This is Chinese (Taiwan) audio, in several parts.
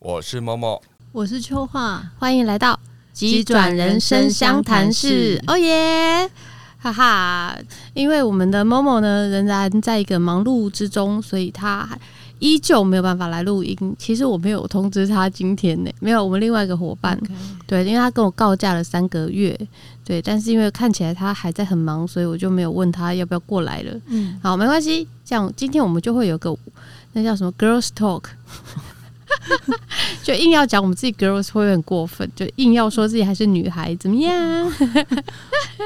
我是某某，我是秋樺，歡迎來到疾轉人生相談室。哦耶，oh yeah! 哈哈！因為我們的某某呢，仍然在一個忙碌之中，所以他依舊沒有辦法來錄音。其實我沒有通知他今天呢，沒有。我們另外一個伙伴，Okay. 對，因為他跟我告假了三個月，對，但是因為看起來他還在很忙，所以我就沒有問他要不要過來了。嗯，好，沒關係。這樣。今天我們就會有個那叫什麼 Girls Talk。 就硬要講我們自己 girls 會，會很過分，就硬要說自己還是女孩怎麼樣？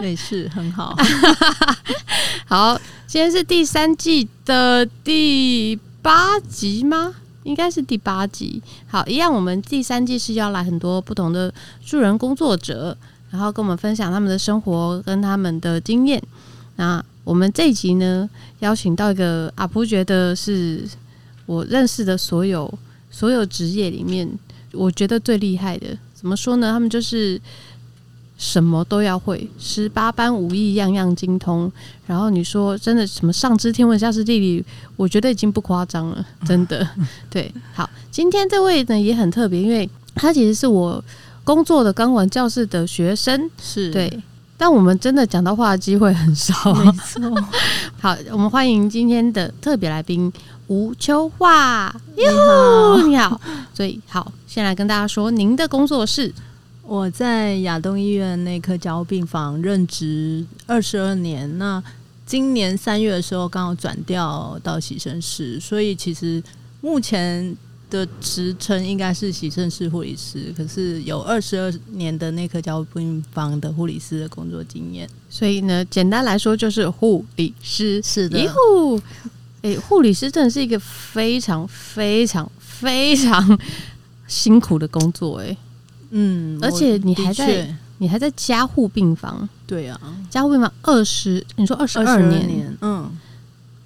沒事，很好。 好，今天是第三季的第八集嗎？應該是第八集。好，一樣，我們第三季是要來很多不同的助人工作者，然後跟我們分享他們的生活跟他們的經驗。那我們這一集呢，邀請到一個阿璞，啊、覺得是我認識的所有。所有職業裡面，我覺得最厲害的，怎麼說呢？他們就是什麼都要會，十八般武藝，無樣樣精通。然後你說真的，什麼上知天文，下知地理，我覺得已經不誇張了。真的，嗯嗯、對。好，今天這位呢也很特別，因為他其實是我工作的鋼管教室的學生，是對。但我們真的講到話的機會很少，沒錯錯。 好，我們歡迎今天的特別來賓吳秋樺。呦你好，你好。所以，好，先來跟大家說，您的工作是，我在亞東醫院內科加護病房任職二十二年，那今年三月的時候剛好轉調到洗腎室，所以其實目前。的職稱應該是洗腎室護理師，可是有二十二年的內科加護病房的護理師的工作經驗，所以呢，簡單來說就是護理師是的，一護、欸，哎，護理師真的是一個非常非常非常 辛苦的工作、欸，哎，嗯，而且你還在你還在加護病房，對啊，加護病房二十，你說二十二年，嗯，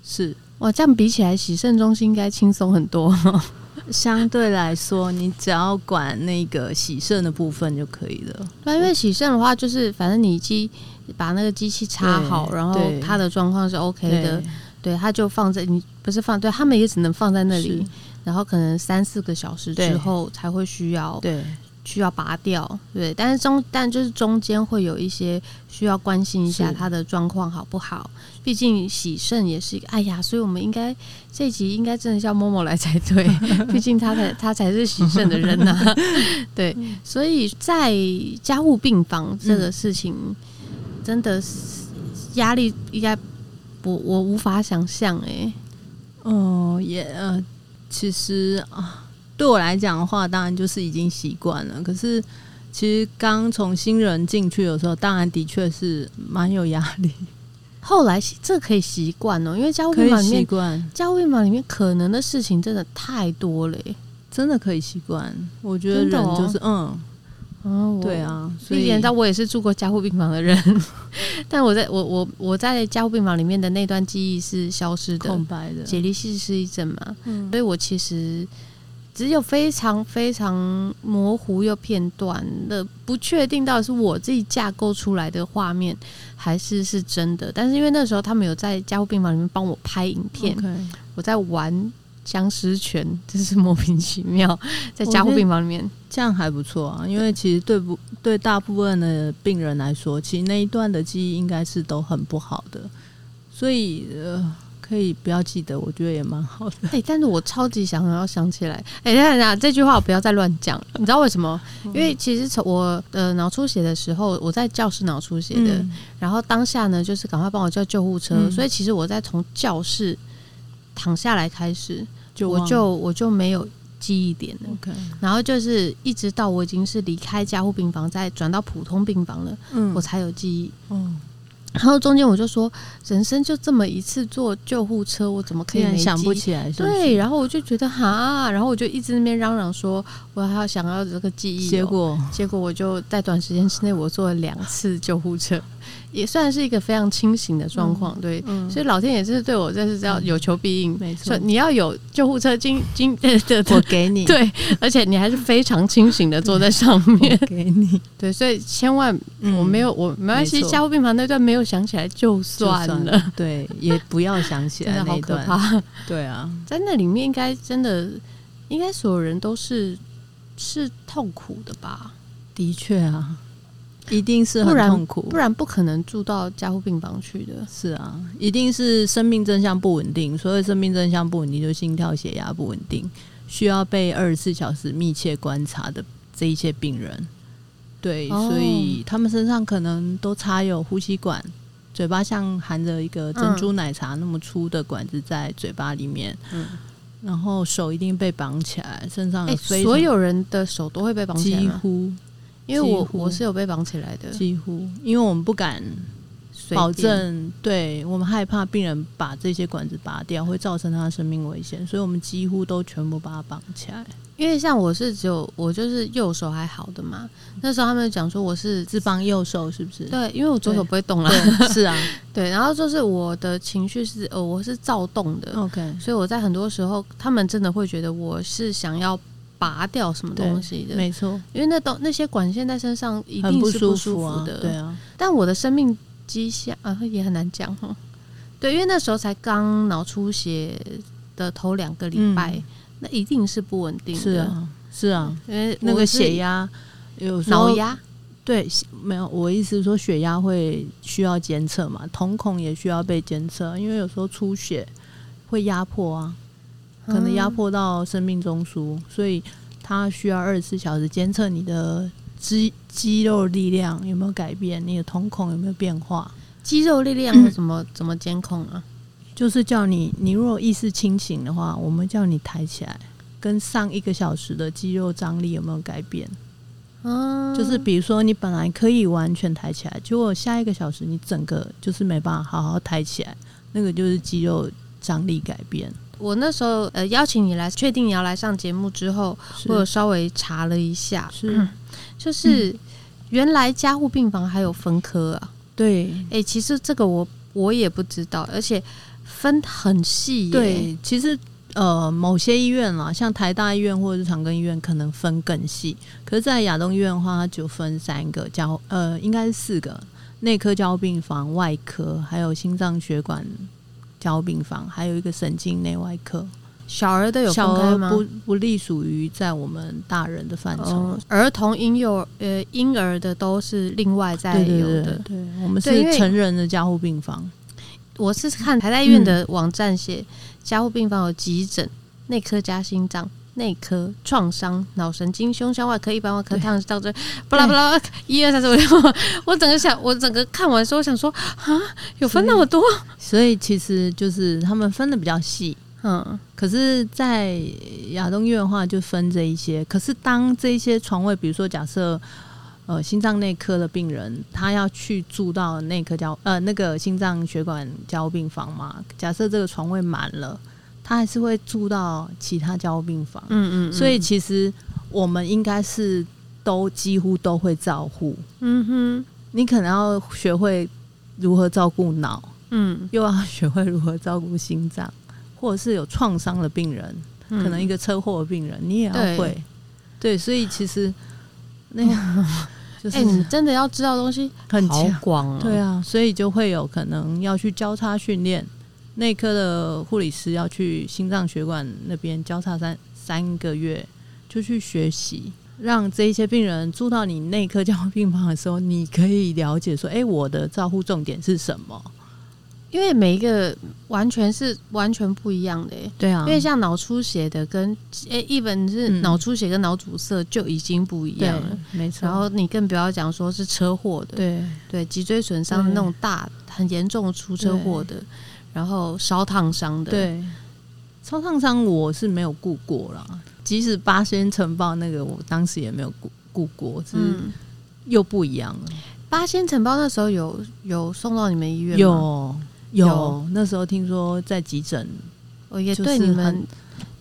是哇，這樣比起來，洗腎中心應該輕鬆很多。 相對來說，你只要管那個洗腎的部分就可以了。對，因為洗腎的話，就是反正你機把那個機器插好，對然後它的狀況是 OK 的，對,對，它就放在你不是放對，他們也只能放在那裡，是然後可能三四個小時之後才會需要對需要拔掉對，但是中但就是中間會有一些需要關心一下它的狀況好不好。畢竟喜盛也是一個，哎呀，所以我們應該這一集應該真的叫默默來才對， 畢竟他才他才是喜盛的人吶、啊。 對，所以在加護病房這個事情，嗯、真的是壓力壓，應該我我無法想象哎。哦，也呃，其實啊，對我來講的話，當然就是已經習慣了。可是其實剛從新人進去的時候，當然的確是蠻有壓力。後來這可以習慣哦，因為加護病房裡面，加護病房裡面可能的事情真的太多了耶，真的可以習慣。我覺得人就是、哦、嗯，啊，對啊，所以連到我也是住過加護病房的人， 但我在我我我在加護病房裡面的那段記憶是消失的，空白的，解離性失憶症嘛。嗯、所以我其實。只有非常非常模糊又片段的，不確定到底是我自己架構出來的畫面，還是是真的？但是因為那時候他們有在加護病房裡面幫我拍影片，Okay 我在玩殭屍拳，真是莫名其妙，在加護病房裡面，這樣還不錯啊。因為其實，對不對，大部分的病人來說，其實那一段的記憶應該是都很不好的，所以呃。可以不要記得，我覺得也蠻好的。哎、欸，但是我超級想要想起來。哎、欸，等一下等一下這句話我不要再亂講。 你知道為什麼？嗯、因為其實從我呃腦出血的時候，我在教室腦出血的，嗯、然後當下呢，就是趕快幫我叫救護車。嗯、所以其實我在從教室躺下來開始，話我就我就沒有記憶點了。Okay 然後就是一直到我已經是離開加護病房，再轉到普通病房了，嗯、我才有記憶。嗯然後中間我就說，人生就這麼一次坐救護車，我怎麼可以想不起來是不是？對，然後我就覺得哈，然後我就一直那邊嚷嚷說，我還要想要這個記憶哦。結果，結果我就在短時間之內，我坐了兩次救護車。也算是一個非常清醒的狀況，對，所以老天也是對我這是叫有求必應，沒錯，你要有救護車，今今，我給你，對，而且你還是非常清醒的坐在上面，給你，對，所以千萬我沒有，我沒關係，加護病房那段沒有想起來就算了，對，也不要想起來那段，真的好可怕。對啊，在那裡面應該真的應該所有人都是是痛苦的吧。的確啊。一定是很痛苦不，不然不可能住到加護病房去的。是啊，一定是生命徵象不穩定，所以生命徵象不穩定就心跳血壓不穩定，需要被二十四小時密切觀察的這一些病人。對，哦、所以他們身上可能都插有呼吸管，嘴巴像含着一個珍珠奶茶那麼粗的管子在嘴巴裡面。嗯，然後手一定被綁起來，身上、欸、所有人的手都會被綁起來，幾乎。因為我乎我是有被綁起來的，幾乎，因為我們不敢保證，便對，我們害怕病人把這些管子拔掉會造成他的生命危險，所以我們幾乎都全部把它綁起來。因為像我是只有我就是右手還好的嘛，那時候他們講說我是只綁右手，是不是？對，因為我左手對不會動了、啊。對 是啊，對，然後就是我的情緒是呃、哦，我是躁動的。OK，所以我在很多時候，他們真的會覺得我是想要。拔掉什麼東西的？沒錯，因為那都那些管線在身上一定是不舒服啊，很不舒服的。對啊，但我的生命跡象啊也很難講。對，因為那時候才剛腦出血的頭兩個禮拜，嗯、那一定是不穩定的。是啊，是啊，因為那個血壓有腦壓。然後對，沒有，我意思是說血壓會需要監測嘛，瞳孔也需要被監測，因為有時候出血會壓迫啊。可能壓迫到生命中樞，所以它需要二十四小時監測你的肌肌肉力量有沒有改變，你的瞳孔有沒有變化。肌肉力量是怎麼怎麼監控呢、啊？就是叫你，你如果意識清醒的話，我們叫你抬起來，跟上一個小時的肌肉張力有沒有改變？哦、嗯，就是比如說你本來可以完全抬起來，結果下一個小時你整個就是沒辦法好好抬起來，那個就是肌肉張力改變。我那時候呃邀請你來，確定你要來上節目之後，是我有稍微查了一下，是，嗯、就是、嗯、原來加護病房還有分科啊，對，哎、欸，其實這個我我也不知道，而且分很細，對，其實呃某些醫院啊，像台大醫院或者是長庚醫院，可能分更細，可是，在亞東醫院的話，它就分三個加呃，應該是四個，內科加護病房、外科，還有心臟血管。加護病房還有一個神經內外科，小兒的有小兒嗎？不不隸屬於在我們大人的範疇，哦，兒童嬰幼兒呃嬰兒的都是另外在有的，對，對，對，對，我們是成人的加護病房。我是看台大醫院的網站寫加護病房有急診內科加心臟。內科、創傷、腦神經、胸腔外科、一般外科、他們是到這，巴拉巴拉一二三四五六，我整個想，我整個看完之後我想說，啊，有分那麼多，所以其實就是他們分得比較細，嗯，可是，在亞東醫院的話，就分這一些。可是，當這些床位，比如說假，假設呃，心臟內科的病人，他要去住到內科加呃那個心臟血管加病房嘛，假設這個床位滿了。他還是會住到其他加護病房，嗯，嗯嗯，所以其實我們應該是都幾乎都會照顧，嗯哼，你可能要學會如何照顧腦，嗯，又要學會如何照顧心臟，或者是有創傷的病人，嗯、可能一個車禍的病人，你也要會，對，對，所以其實那個就是，你真的要知道東西很廣，對啊，所以就會有可能要去交叉訓練。內科的護理師要去心臟血管那邊交叉三三個月，就去學習，讓這一些病人住到你內科加護病房的時候，你可以了解說：哎、欸，我的照護重點是什麼？因為每一個完全是完全不一樣的、欸，對啊。因為像腦出血的跟哎，一、欸、般是腦出血跟腦阻塞就已經不一樣了，沒錯、嗯。然後你更不要講說是車禍的，對對，脊椎損傷的那種大很嚴重的出車禍的。然後燒燙傷的，對，燒燙傷我是沒有顧過啦，即使八仙塵爆那個，我當時也沒有顧顧過，只是又不一樣了。嗯，八仙塵爆那時候有有送到你們醫院嗎？有有，有有那時候聽說在急診，哦，也對你們。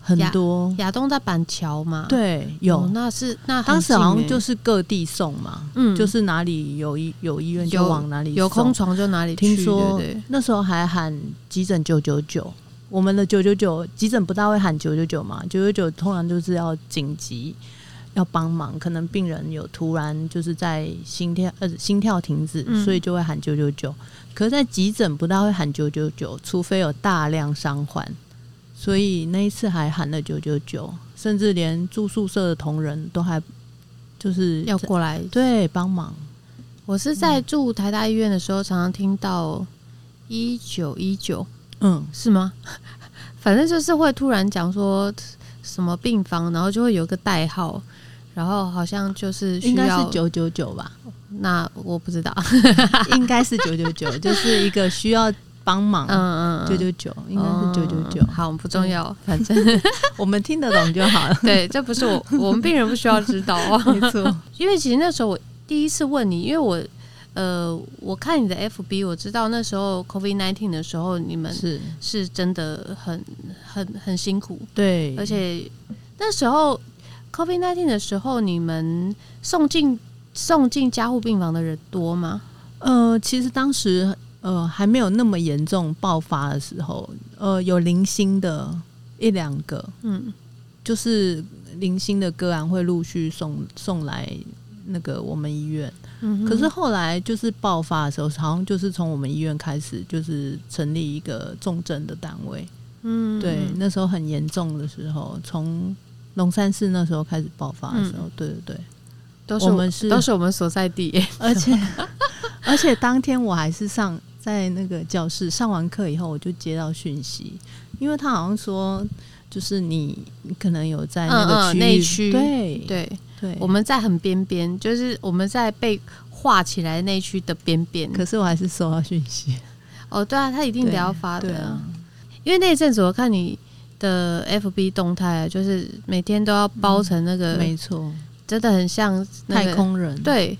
很多亞東在板橋嘛？對，有、喔、那是那、欸、當時好像就是各地送嘛，嗯，就是哪裡有醫有醫院就往哪裡送有，有空床就哪裡去。聽說對對對，那時候還喊急診九九九，我們的九九九急診不大會喊九九九嘛，九九九通常就是要緊急要幫忙，可能病人有突然就是在心跳呃心跳停止，嗯、所以就會喊九九九。可是在急診不大會喊九九九，除非有大量傷患。所以那一次還喊了九九九，甚至連住宿舍的同仁都還就是要過來，對幫忙。我是在住台大醫院的時候，常常聽到一九一九，嗯，是嗎？反正就是會突然講說什麼病房，然後就會有個代號，然後好像就是需要應該是九九九吧？那我不知道， 應該是九九九，就是一個需要。幫忙，嗯嗯，九九九應該是九九九，好我們不重要，嗯、反正 我們聽得懂就好了。 對，這不是我，我們病人不需要知道、哦、 沒錯，因為其實那時候我第一次問你，因為我呃，我看你的 FB，我知道那時候 COVID nineteen 的時候，你們是是真的很很很辛苦。對，而且那時候 COVID nineteen 的時候，你們送進送進加護病房的人多嗎？呃，其實當時，呃，還沒有那麼嚴重爆發的時候，呃，有零星的一兩個，嗯，就是零星的個案會陸續送送來那個我們醫院，嗯哼，可是後來就是爆發的時候，好像就是從我們醫院開始，就是成立一個重症的單位，嗯，嗯，對，那時候很嚴重的時候，從龍山寺那時候開始爆發的時候，嗯、對對對，都是我，我們是都是我們所在地，而且。 而且當天我還是上在那個教室，上完課以後，我就接到訊息，因為他好像說，就是你可能有在那個區域，對對、嗯嗯、對，對對我們在很邊邊，就是我們在被畫起來內區的邊邊。可是我還是收到訊息。哦，對啊，他一定得要發的，啊、因為那一陣子我看你的 FB 動態，就是每天都要包成那個，嗯、沒錯，真的很像、那個、太空人，對。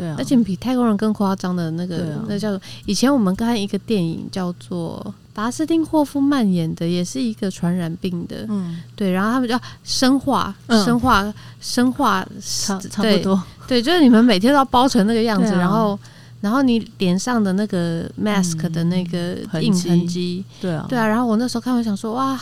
對啊、而且比太空人更誇張的那個，啊、那叫做以前我們看一個電影，叫做達斯汀霍夫曼演的，也是一個傳染病的，嗯，對，然後他們叫生化、生、嗯、化、生化，差差不多對，對，就是你們每天都要包成那個樣子，啊、然後，然後你臉上的那個 mask、嗯、的那個印痕迹，對啊，對啊，然後我那時候看我想說哇。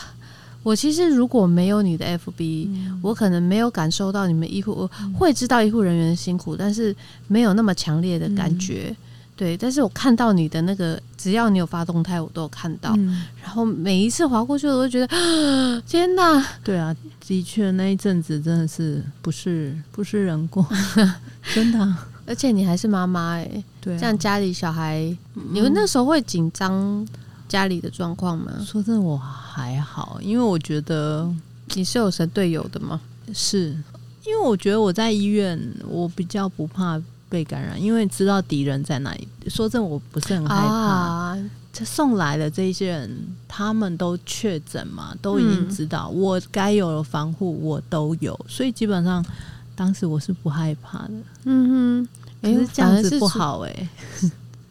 我其實如果沒有你的 FB、嗯、我可能沒有感受到你們醫護，我會知道醫護人員的辛苦，嗯、但是沒有那麼強烈的感覺。嗯、對，但是我看到你的那個，只要你有發動態，我都有看到。嗯、然後每一次滑過去，我都覺得，啊、天吶，對啊，的確那一陣子真的是不是不是人過， 真的、啊。而且你還是媽媽哎、欸，對、啊，像家裡小孩，嗯、你們那時候會緊張家裡的狀況嗎？說真我還好，因為我覺得、嗯、你是有神隊友的嘛。是因為我覺得我在醫院，我比較不怕被感染，因為知道敵人在哪裡。說真，我不是很害怕。這、啊、送來的這些人，他們都確診嘛，都已經知道。嗯、我該有的防護我都有，所以基本上當時我是不害怕的。嗯哼，可是、欸欸、這樣子不好哎。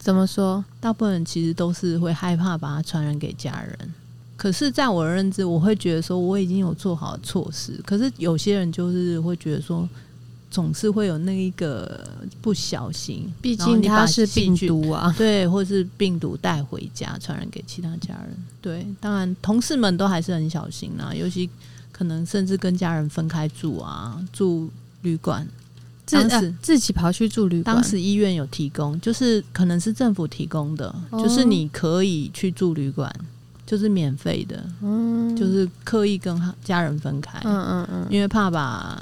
怎麼說？大部分人其實都是會害怕把它傳染給家人。可是，在我的認知，我會覺得說我已經有做好的措施。可是有些人就是會覺得說，總是會有那一個不小心，畢竟他是病毒啊，對，或是病毒帶回家傳染給其他家人。對，當然同事們都還是很小心啊，尤其可能甚至跟家人分開住啊，住旅館。自己自己跑去住旅館。當時醫院有提供，就是可能是政府提供的，就是你可以去住旅館，就是免費的。嗯，就是刻意跟家人分開。嗯嗯嗯，因為怕把，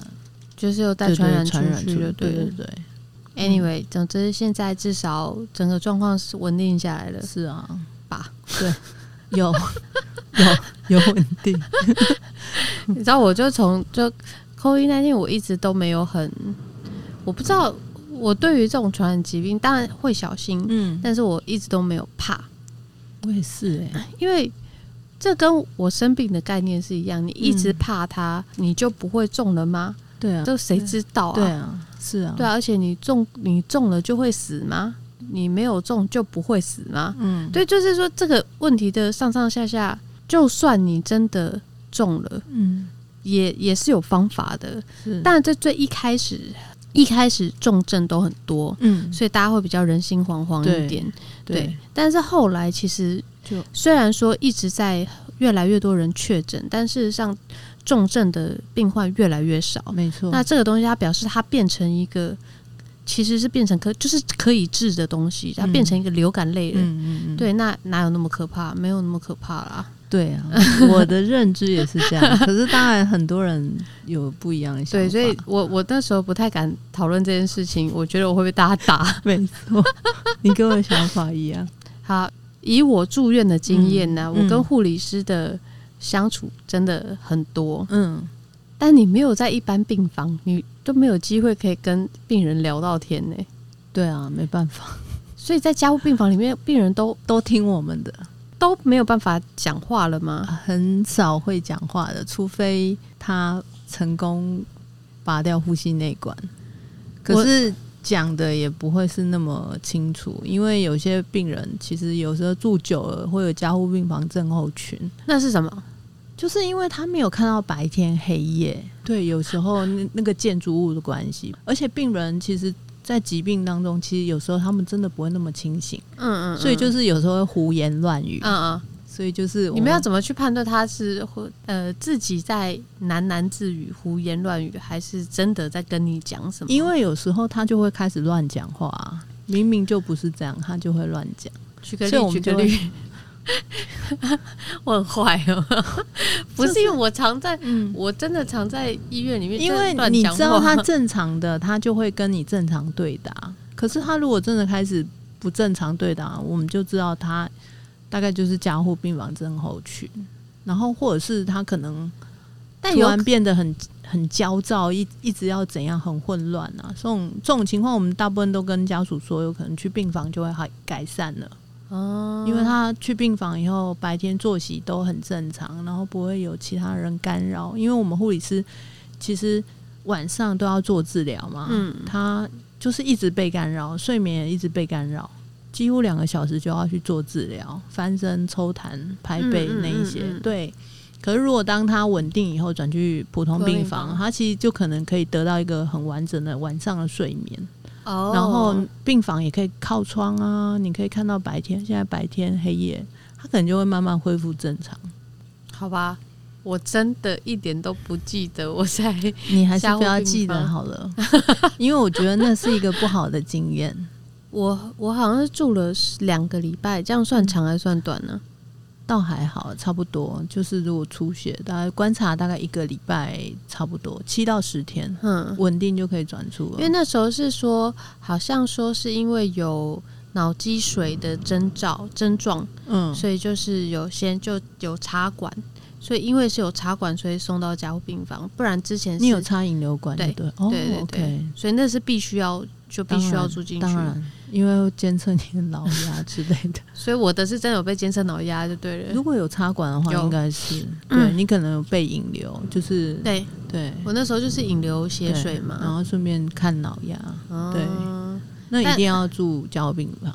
就是又帶傳染傳染出去。對對對。Anyway，總之現在至少整個狀況是穩定下來了。是啊，吧？對，有有有穩定。你知道，我就從就 COVID 那天，我一直都沒有很。我不知道，我對於這種傳染疾病當然會小心，嗯，但是我一直都沒有怕。我也是哎、欸，因為這跟我生病的概念是一樣，你一直怕它，你就不會中了嗎？對啊、嗯，這誰知道啊？對，對啊，是啊，對啊，而且你中你中了就會死嗎？你沒有中就不會死嗎？嗯，對，就是說這個問題的上上下下，就算你真的中了，嗯，也也是有方法的，是，但這最一開始。一開始重症都很多，嗯，所以大家會比較人心惶惶一點，對、對、對。但是後來其實，就雖然說一直在越來越多人確診，但事實上重症的病患越來越少，沒錯。那這個東西它表示它變成一個。其實是變成可，就是可以治的東西，它變成一個流感類的，嗯嗯嗯、對，那哪有那麼可怕？沒有那麼可怕啦。對啊， 我的認知也是這樣。可是當然，很多人有不一樣的想法。對，所以我我那時候不太敢討論這件事情，我覺得我會被大家打。沒錯，你跟我的想法一樣。 好，以我住院的經驗呢，嗯嗯、我跟護理師的相處真的很多。嗯，但你沒有在一般病房，你。都沒有機會可以跟病人聊到天呢、欸，對啊，沒辦法， 所以在加護病房裡面，病人都都聽我們的，都沒有辦法講話了嗎？很少會講話的，除非他成功拔掉呼吸內管。可是講的也不會是那麼清楚，因為有些病人其實有時候住久了會有加護病房症候群。那是什麼？就是因為他沒有看到白天黑夜，對，有時候那那個建築物的關係，而且病人其實，在疾病當中，其實有時候他們真的不會那麼清醒，嗯，嗯嗯，所以就是有時候胡言亂語，嗯嗯，所以就是我們你們要怎麼去判斷他是會呃自己在喃喃自語、胡言亂語，還是真的在跟你講什麼？因為有時候他就會開始亂講話，明明就不是這樣，他就會亂講。 所以我們就 我很壞壞哦， 不是因為我常在，嗯、我真的常在醫院裡面。因為你知道他正常的，他就會跟你正常對答。可是他如果真的開始不正常對答，我們就知道他大概就是加護病房症候群，然後或者是他可能突然變得很很焦躁，一一直要怎樣，很混亂啊。這種這種情況，我們大部分都跟家屬說，有可能去病房就會好改善了。因為他去病房以後，白天作息都很正常，然後不會有其他人干擾。因為我們護理師其實晚上都要做治療嘛，嗯，他就是一直被干擾，睡眠也一直被干擾，幾乎兩個小時就要去做治療，翻身、抽痰、拍背那一些。嗯嗯嗯、對，可是如果當他穩定以後轉去普通病房，可行，他其實就可能可以得到一個很完整的晚上的睡眠。然後病房也可以靠窗啊，你可以看到白天。現在白天黑夜，他可能就會慢慢恢復正常。好吧，我真的一點都不記得我在，你還是不要記得好了， 因為我覺得那是一個不好的經驗。 我我好像是住了兩個禮拜，這樣算長還是算短呢，啊？倒還好，差不多，就是如果出血，大概觀察大概一個禮拜，差不多七到十天，嗯，穩定就可以轉出了。因為那時候是說，好像說是因為有腦積水的徵兆、症狀，嗯，所以就是有些就有插管。所以，因為是有插管，所以送到加護病房。不然之前是你有插引流管，對對，對對對，哦 okay、所以那是必須要就必須要住進去，因為要監測你的腦壓之類的。 所以我的是真的有被監測腦壓就對了。如果有插管的話應，應該是對，你可能有被引流，就是對對。對，我那時候就是引流血水嘛，然後順便看腦壓。對，嗯、對，那一定要住加護病房。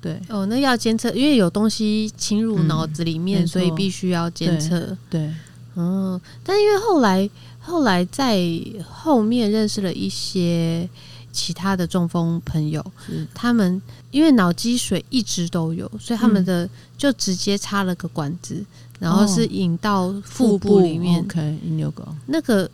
對，哦，那要監測，因為有東西侵入腦子裡面，嗯、所以必須要監測。對，哦、嗯，但因為後來後來在後面認識了一些其他的中風朋友，是他們因為腦積水一直都有，所以他們的、嗯、就直接插了個管子，然後是引到腹部裡面，那個。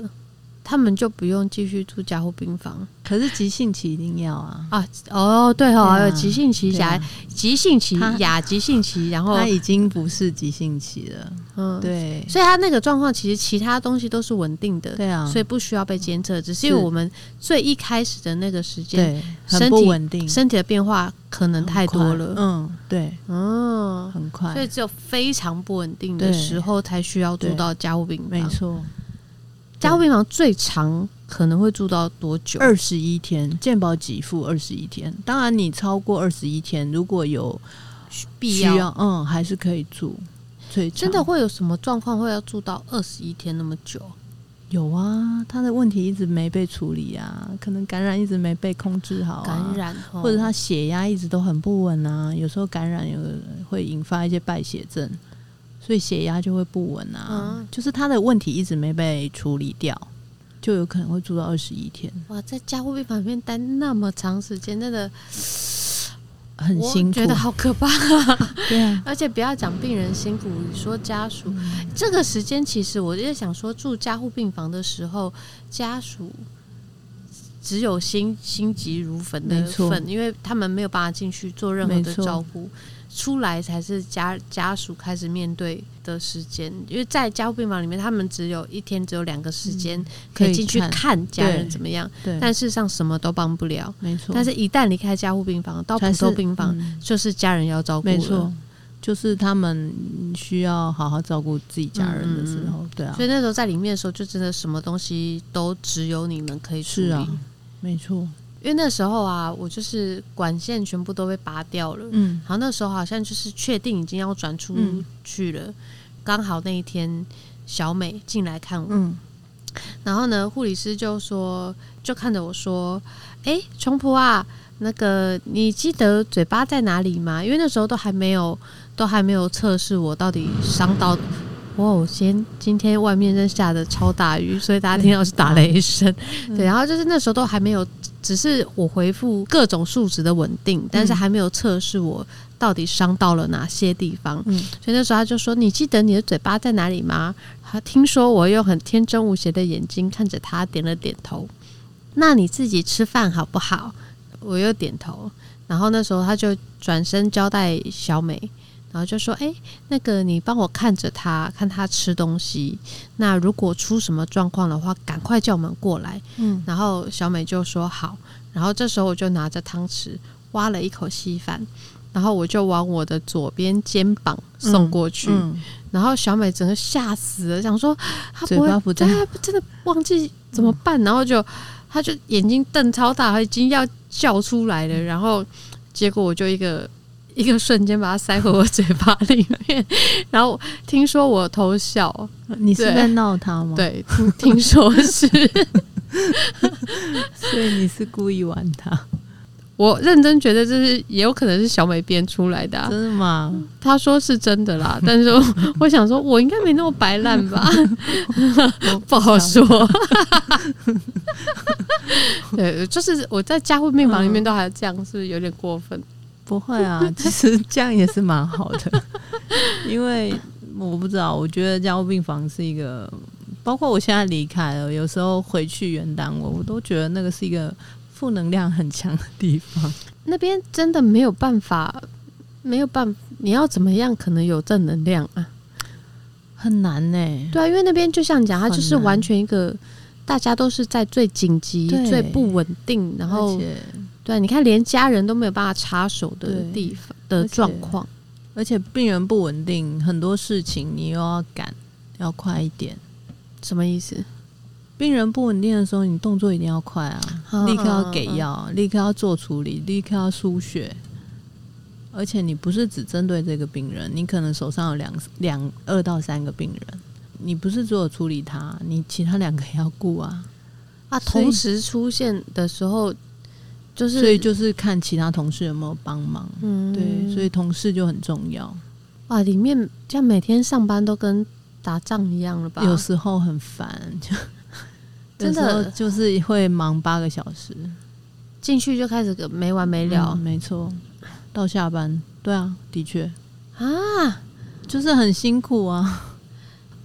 他們就不用繼續住加護病房，可是急性期一定要啊，啊，哦，對哦，急性期加急性期亞急性期，然後他已經不是急性期了，嗯對，所以他那個狀況其實其他東西都是穩定的，對啊，所以不需要被監測，只是因為我們最一開始的那個時間很不穩定，身體的變化可能太多了，嗯對，嗯，很快，所以只有非常不穩定的時候才需要住到加護病房，沒錯。加護病房最長可能會住到多久？二十一天，健保給付二十一天。當然，你超過二十一天，如果有需要必要，嗯，還是可以住。最長，真的會有什麼狀況會要住到二十一天那麼久？有啊，他的問題一直沒被處理啊，可能感染一直沒被控制好，啊，感染，哦，或者他血壓一直都很不穩啊，有時候感染有會引發一些敗血症。所以血壓就會不穩啊，嗯、就是他的問題一直沒被處理掉，就有可能會住到二十一天。哇，在加護病房裡面待那麼長時間，真的很辛苦，那個，很辛苦，我覺得好可怕、啊。 對、啊、而且不要講病人辛苦，你說家屬、嗯、這個時間，其實我就想說，住加護病房的時候，家屬只有心心急如焚的份，沒錯，因為他們沒有辦法進去做任何的照顧。出來才是家家屬開始面對的時間，因為在加護病房裡面，他們只有一天，只有兩個時間、嗯、可以進去看家人怎麼樣，但事實上什麼都幫不了，沒錯。但是一旦離開加護病房，到普通病房，是嗯、就是家人要照顧了，沒錯，就是他們需要好好照顧自己家人的時候，嗯、對啊。所以那時候在裡面的時候，就真的什麼東西都只有你們可以處理，是啊，沒錯。因為那時候啊，我就是管線全部都被拔掉了。嗯，然後那時候好像就是確定已經要轉出去了。嗯、剛好那一天，小美進來看我。嗯、然後呢，護理師就說，就看着我說：“哎，瓊璞啊，那個你記得嘴巴在哪裡嗎？”因為那時候都還沒有，都還沒有測試我到底傷到。我哦，今天外面正下著超大雨，所以大家聽到是打雷一聲。嗯、對，然後就是那時候都還沒有。只是我回復各種數值的穩定，但是還沒有測試我到底傷到了哪些地方。嗯，所以那時候他就說：“你記得你的嘴巴在哪裡嗎？”他聽說，我用很天真無邪的眼睛看着他，點了點頭。那你自己吃飯好不好？我又點頭。然後那時候他就轉身交代小美。然後就說：“哎、欸，那個，你幫我看着他，看他吃東西。那如果出什麼狀況的話，趕快叫我們過來。”嗯，然後小美就說：“好。”然後這時候我就拿着湯匙挖了一口稀飯，然後我就往我的左邊肩膀送過去。嗯嗯、然後小美整個嚇死了，想說：“他不會不在，他真的忘記怎麼辦？”然後就，他就眼睛瞪超大，她已經要叫出來了。嗯、然後結果我就一個。一個瞬間把它塞回我嘴巴裡面，然後聽說我偷笑，你是在鬧他嗎？對，聽說是， 所以你是故意玩他？我認真覺得這是也有可能是小美編出來的。啊，真的嗎？他說是真的啦，但是我，我想說，我應該沒那麼白爛吧？我不，不好說。 對，就是我在加護病房裡面都還這樣，嗯、是，是有點過分。不會啊，其實這樣也是蠻好的， 因為我不知道，我覺得加護病房是一個，包括我現在離開了，有時候回去原單位，我我都覺得那個是一個負能量很強的地方，那邊真的沒有辦法，沒有辦法，你要怎麼樣可能有正能量啊，很難呢、欸。對啊，因為那邊就像你講，它就是完全一個，難大家都是在最緊急、對最不穩定，然後。對，你看，連家人都沒有辦法插手的地方對的狀況，而且病人不穩定，很多事情你又要趕，要快一點，什麼意思？病人不穩定的時候，你動作一定要快啊，啊啊啊啊立刻要給藥，立刻要做處理，立刻要輸血。而且你不是只針對這個病人，你可能手上有兩兩二到三個病人，你不是只有處理他，你其他兩個要顧啊啊！同時出現的時候。就是、所以就是看其他同事有沒有幫忙，嗯、對，所以同事就很重要。哇，裡面像每天上班都跟打仗一樣了吧？有時候很煩，就真的就是會忙八個小時，進去就開始個沒完沒了，嗯，沒錯。到下班，對啊，的確啊，就是很辛苦啊。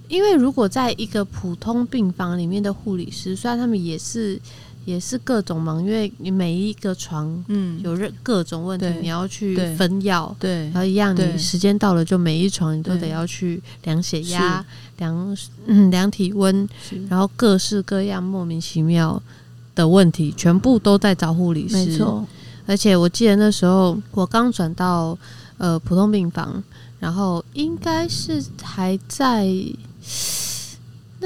因為如果在一個普通病房裡面的護理師，雖然他們也是。也是各種忙，因為你每一個床，嗯，有任各種問題，嗯、你要去分藥，對，然後一樣，你時間到了就每一床你都得要去量血壓、嗯、量量體溫，是然後各式各樣莫名其妙的問題，全部都在找護理師。沒錯錯，而且我記得那時候我剛轉到呃普通病房，然後應該是還在。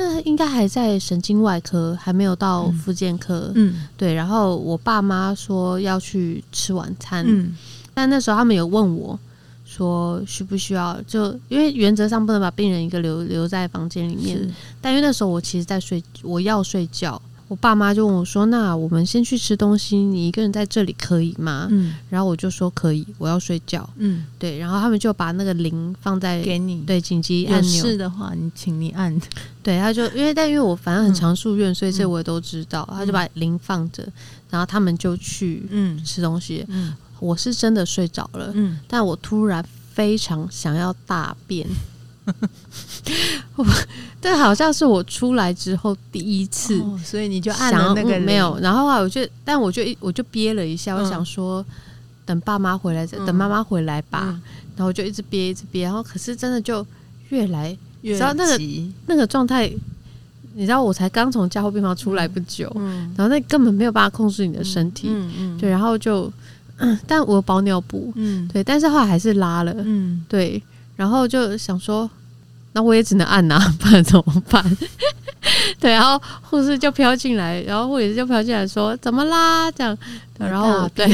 那應該還在神經外科，還沒有到復健科。嗯，嗯對。然後我爸媽說要去吃晚餐。嗯，但那時候他們有問我說需不需要？就因為原則上不能把病人一個留留在房間裡面，是但因為那時候我其實在睡，我要睡覺。我爸媽就問我說：“那我們先去吃東西，你一個人在這裡可以嗎？”嗯，然後我就說可以，我要睡覺。嗯，對，然後他們就把那個鈴放在給你，對，緊急按鈕。有事的話，你請你按。對，他就因為但因為我反正很常住院，嗯，所以這我也都知道。嗯，他就把鈴放着，然後他們就去嗯吃東西。嗯，我是真的睡着了。嗯，但我突然非常想要大便。 我但好像是我出來之後第一次想、哦，所以你就按那個、嗯、沒有。然後啊，我就但我就一我就憋了一下，我想說、嗯、等爸媽回來再等媽媽回來吧。嗯嗯、然後我就一直憋一直憋，然後可是真的就越來、那個、越急。那個狀態，你知道，我才剛從加護病房出來不久，嗯嗯、然後那根本沒有辦法控制你的身體，嗯嗯嗯、對，然後就、嗯、但我有包尿布，嗯、對，但是後來還是拉了，嗯、對，然後就想說。那我也只能按喇叭，怎麼辦？ 對，然後護士就飄進來，然後護理師就飄進來說：“怎麼啦？”這樣，然後對，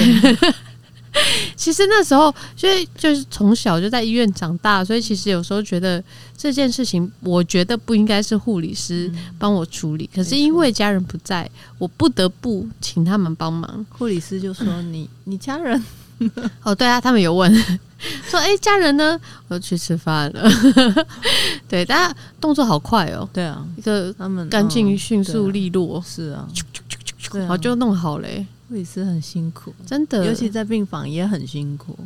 其實那時候，所以就是從小就在醫院長大，所以其實有時候覺得這件事情，我覺得不應該是護理師幫我處理，嗯、可是因為家人不在，嗯、我不得不請他們幫忙。護理師就說：“你，嗯、你家人。” 哦，對啊，他們有問，說：“哎、欸，家人呢？”我要去吃飯了。 對，大家動作好快哦。對啊，一個啊他們乾淨、迅速、利落。是啊，好就弄好嘞、欸。護理師很辛苦，真的，尤其在病房也很辛苦，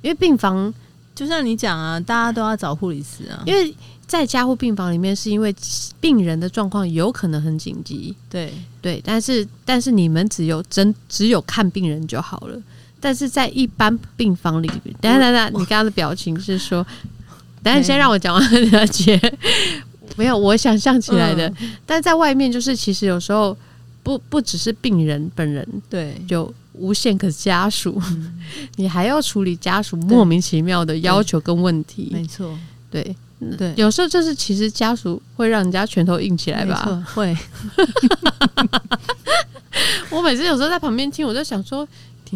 因為病房就像你講啊，大家都要找護理師啊。因為在加護病房裡面，是因為病人的狀況有可能很緊急。對對，但是但是你們只有真只有看病人就好了。但是在一般病房裡，等下等下，你剛剛的表情是說，等下你先讓我講完。了解。沒有，我想象起來的。嗯、但是在外面，就是其實有時候不不只是病人本人，對，就無限個家屬，嗯、 你還要處理家屬莫名其妙的要求跟問題。沒錯，對對，對有時候就是其實家屬會讓人家拳頭硬起來吧，沒錯，會。 我每次有時候在旁邊聽，我就想說。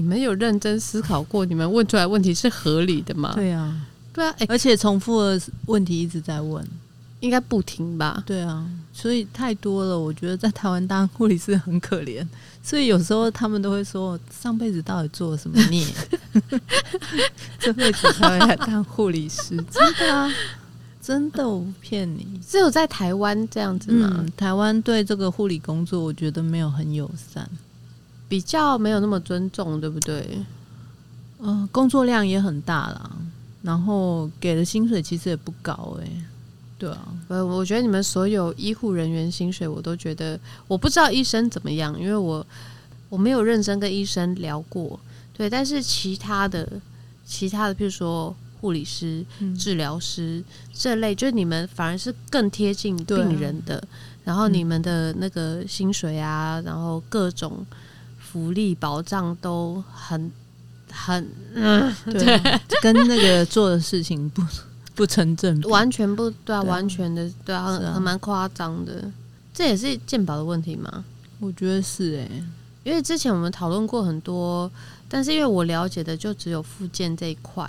你們有認真思考過，你們問出來問題是合理的嗎？對啊，對啊，欸、而且重複的問題一直在問，應該不停吧？對啊，所以太多了，我覺得在台灣當護理師很可憐。所以有時候他們都會說，上輩子到底做了什麼孽？ 這輩子才會來當護理師？真的啊，真的我不騙你。只有在台灣這樣子嗎、嗯？台灣對這個護理工作，我覺得沒有很友善。比較沒有那麼尊重，對不對？嗯，工作量也很大啦。然後給的薪水其實也不高誒、欸，對啊，呃，我覺得你們所有醫護人員薪水，我都覺得我不知道醫生怎麼樣，因為我我沒有認真跟醫生聊過。對，但是其他的其他的，譬如說護理師、嗯、治療師這類，就是你們反而是更貼近病人的，啊、然後你們的那個薪水啊，嗯、然後各種。福利保障都很很，嗯，對，對跟那個做的事情不不成正比，完全不對啊，對完全的對啊，很蠻誇張的，這也是健保的問題嗎？我覺得是哎、欸，因為之前我們討論過很多，但是因為我了解的就只有復健這一塊，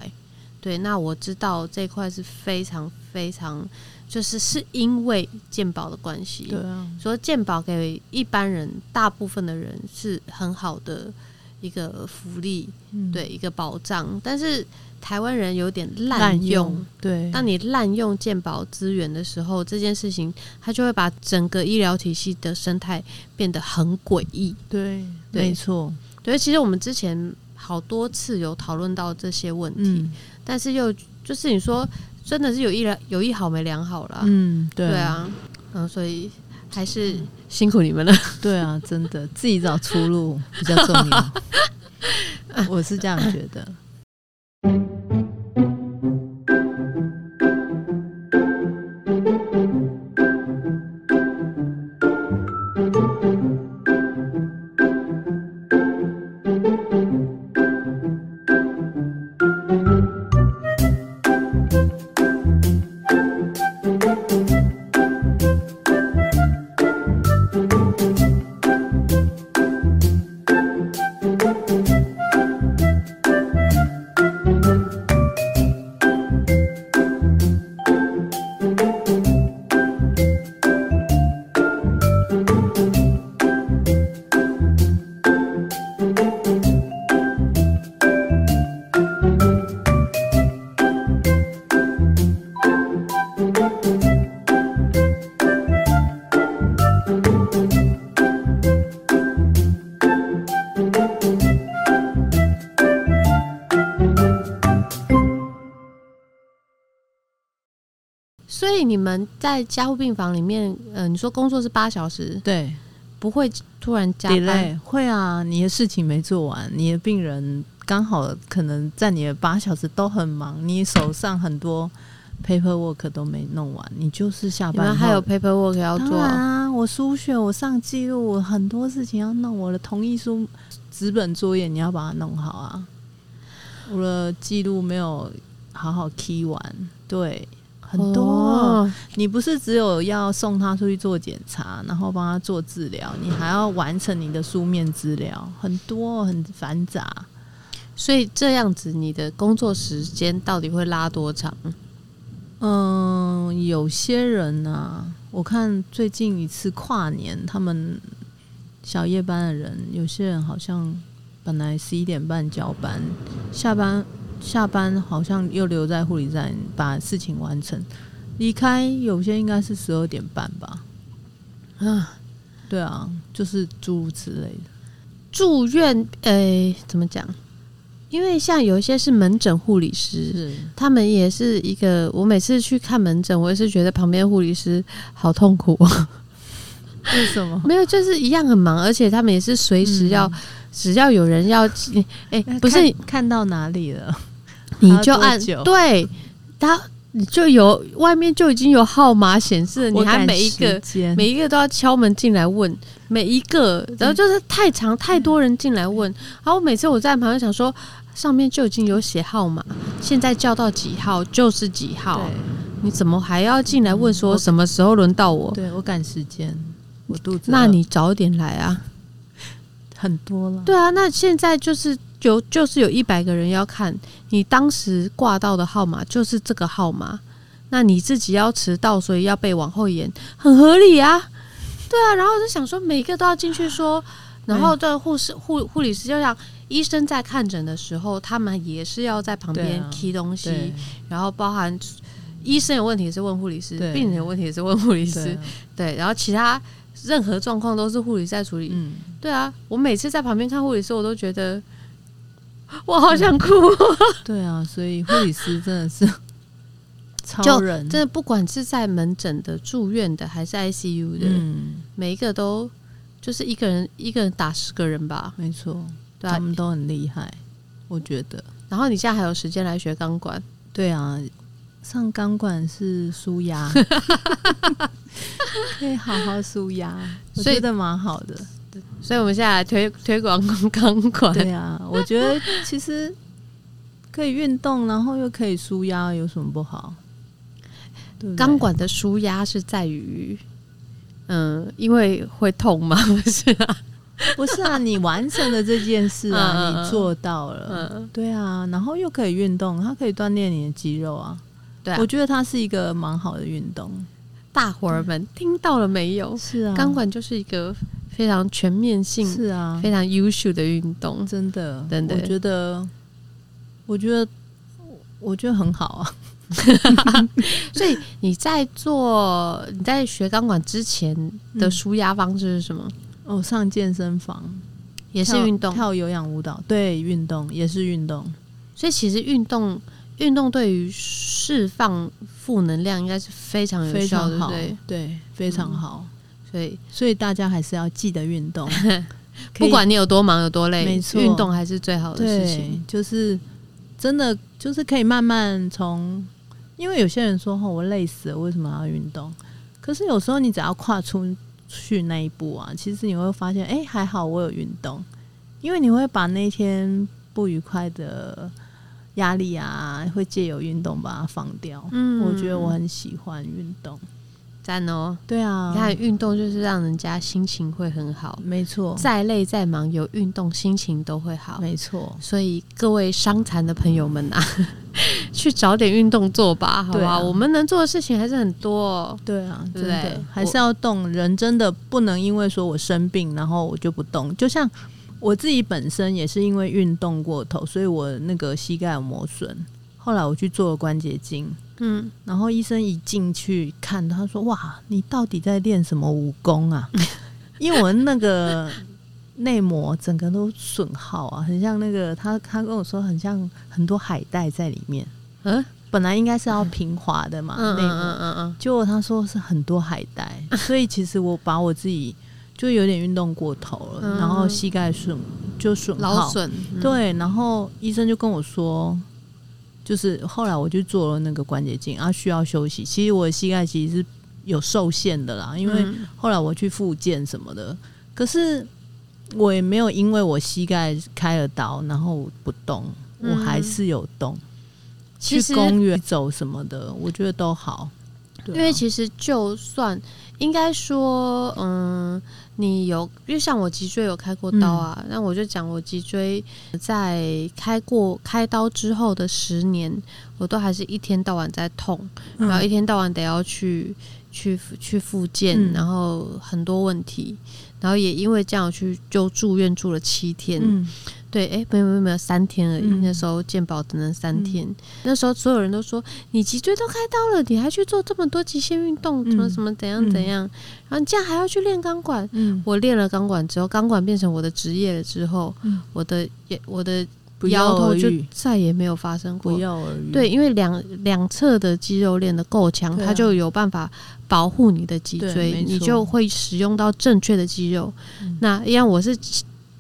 對，那我知道這一塊是非常非常。就是是因為健保的關係，對啊，所以健保給一般人，大部分的人是很好的一個福利，嗯，對，一個保障。但是台灣人有點濫用，濫用，對，當你濫用健保資源的時候，這件事情它就會把整個醫療體系的生態變得很詭異，對，沒錯，對。其實我們之前好多次有討論到這些問題，嗯，但是又就是你說。真的是有一有一好沒兩好了，嗯，對啊，嗯，所以還是辛苦你們了。對啊，真的 自己找出路比較重要， 我是這樣覺得。 你們在加護病房裡面，嗯、呃，你說工作是八小時，對，不會突然加班，ight, 會啊，你的事情沒做完，你的病人剛好可能在你的八小時都很忙，你手上很多 paperwork 都沒弄完，你就是下班還有 paperwork 要做啊，我輸血，我上記錄，我很多事情要弄，我的同意書紙本作業你要把它弄好啊，我的記錄沒有好好 key 完，對。很多，你不是只有要送他出去做檢查，然後幫他做治療，你還要完成你的書面治療。很多很繁雜。所以這樣子，你的工作時間到底會拉多長？嗯，有些人呢、啊，我看最近一次跨年，他們小夜班的人，有些人好像本來十一點半交班，下班。下班好像又留在護理站把事情完成，離開有些，應該是十二點半吧。啊，對啊，就是諸如此類的住院，誒、欸，怎麼講？因為像有一些是門診護理師，是他們也是一個。我每次去看門診，我也是覺得旁邊護理師好痛苦。 為什麼？沒有，就是一樣很忙，而且他們也是隨時要，嗯啊、只要有人要，誒、欸，看不是看到哪裡了？你就按多多對，他就有外面就已經有號碼顯示，你還每一個每一個都要敲門進來問每一個，然後就是太長太多人進來問，對然後我每次我在旁邊想說上面就已經有寫號碼，現在叫到幾號就是幾號，對你怎麼還要進來問說什麼時候輪到我？我對我趕時間，我肚子，那你早點來啊，很多了，對啊，那現在就是。就就是有一百個人要看，你當時掛到的號碼就是這個號碼，那你自己要遲到，所以要被往後延，很合理啊，對啊。然後我就想說，每個都要進去說，啊、然後這護士護護理師就像醫生在看診的時候，他們也是要在旁邊提東西，啊、然後包含醫生有問題也是問護理師，對病人有問題也是問護理師對，啊、對，然後其他任何狀況都是護理在處理。嗯、對啊，我每次在旁邊看護理師，我都覺得。我好想哭，嗯。對啊，所以護理師真的是超人，真的不管是在門診的、住院的還是 ICU 的，嗯，每一個都就是一個人一個人打十個人吧。沒錯錯，對啊，他們都很厲害，我覺得。然後你現在還有時間來學鋼管？對啊，上鋼管是舒壓， 可以好好舒壓，以我覺得蠻好的。所以，我們現在來推推廣鋼管。對啊，我覺得其實可以運動，然後又可以舒壓，有什麼不好？鋼管的舒壓是在於，嗯，因為會痛嗎？是啊、不是啊，不是啊，你完成的這件事啊，啊啊啊啊你做到了，啊啊啊對啊，然後又可以運動，它可以鍛鍊你的肌肉啊。對啊，我覺得它是一個蠻好的運動。大夥兒們聽到了沒有？是啊，鋼管就是一個非常全面性，是啊，非常優秀的運動，真的，對對，我覺得，我覺得，我覺得很好啊。 所以你在做，你在學鋼管之前的舒壓方式是什麼？哦，上健身房也是運動，跳有氧舞蹈，對，運動也是運動。所以其實運動。運動對於釋放負能量應該是非常有效，好對對，對嗯、非常好。所以，所以大家還是要記得運動， 以不管你有多忙，有多累，沒錯，運動還是最好的事情。就是真的，就是可以慢慢從，因為有些人說：“喔、我累死了，為什麼要運動？”可是有時候你只要跨出去那一步啊，其實你會發現，哎，欸，還好我有運動，因為你會把那天不愉快的。壓力啊，會借由運動把它放掉。嗯，嗯，嗯，我覺得我很喜歡運動，讚哦。對啊，你看運動就是讓人家心情會很好，沒錯。再累再忙有運動，心情都會好，沒錯。所以各位傷殘的朋友們啊， 去找點運動做吧，好吧？對啊，我們能做的事情還是很多喔。對啊，對，還是要動。我。人真的不能因為說我生病，然後我就不動。就像。我自己本身也是因為運動過頭，所以我那個膝蓋有磨損。後來我去做了關節鏡，嗯，然後醫生一進去看，他說：“哇，你到底在練什麼武功啊？” 因為我那個內膜整個都損耗啊，很像那個他他跟我說，很像很多海帶在裡面。嗯，本來應該是要平滑的嘛，內膜，嗯嗯嗯嗯，結果他說是很多海帶，所以其實我把我自己。就有點運動過頭了，嗯、然後膝蓋損就損老損，嗯、對。然後醫生就跟我說，就是後來我就做了那個關節鏡，啊，需要休息。其實我的膝蓋其實是有受限的啦，因為後來我去復健什麼的。嗯、可是我也沒有因為我膝蓋開了刀，然後不動，嗯、我還是有動。去公園走什麼的，我覺得都好，啊、因為其實就算應該說，嗯。你有，因為像我脊椎有開過刀啊，嗯、那我就講我脊椎在開過開刀之後的十年，我都還是一天到晚在痛，然後一天到晚得要去去去復健，嗯、然後很多問題。然後也因為這樣，我去就住院住了七天，嗯、對，哎，沒有沒有沒有，三天而已。嗯、那時候健保只能三天。嗯、那時候所有人都說你脊椎都開刀了，你還去做這麼多極限運動，怎麼怎麼怎樣怎樣？嗯、然後你這樣還要去練鋼管，嗯、我練了鋼管之後，鋼管變成我的職業了之後，我的也我的。我的腰痛就再也沒有發生過。對，因為兩兩側的肌肉練得夠強，啊、它就有辦法保護你的脊椎，你就會使用到正確的肌肉。嗯、那一樣，我是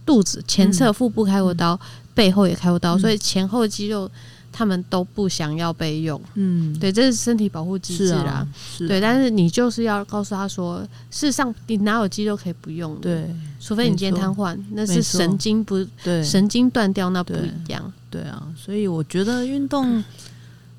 肚子前側腹部開過刀，嗯、背後也開過刀，嗯、所以前後肌肉他們都不想要被用。嗯，對，這是身體保護機制啦。啊啊、對，但是你就是要告訴他說，事實上你哪有肌肉可以不用的？對。除非你今天癱瘓，錯那是神經不對，神經斷掉那不一樣對。對啊，所以我覺得運動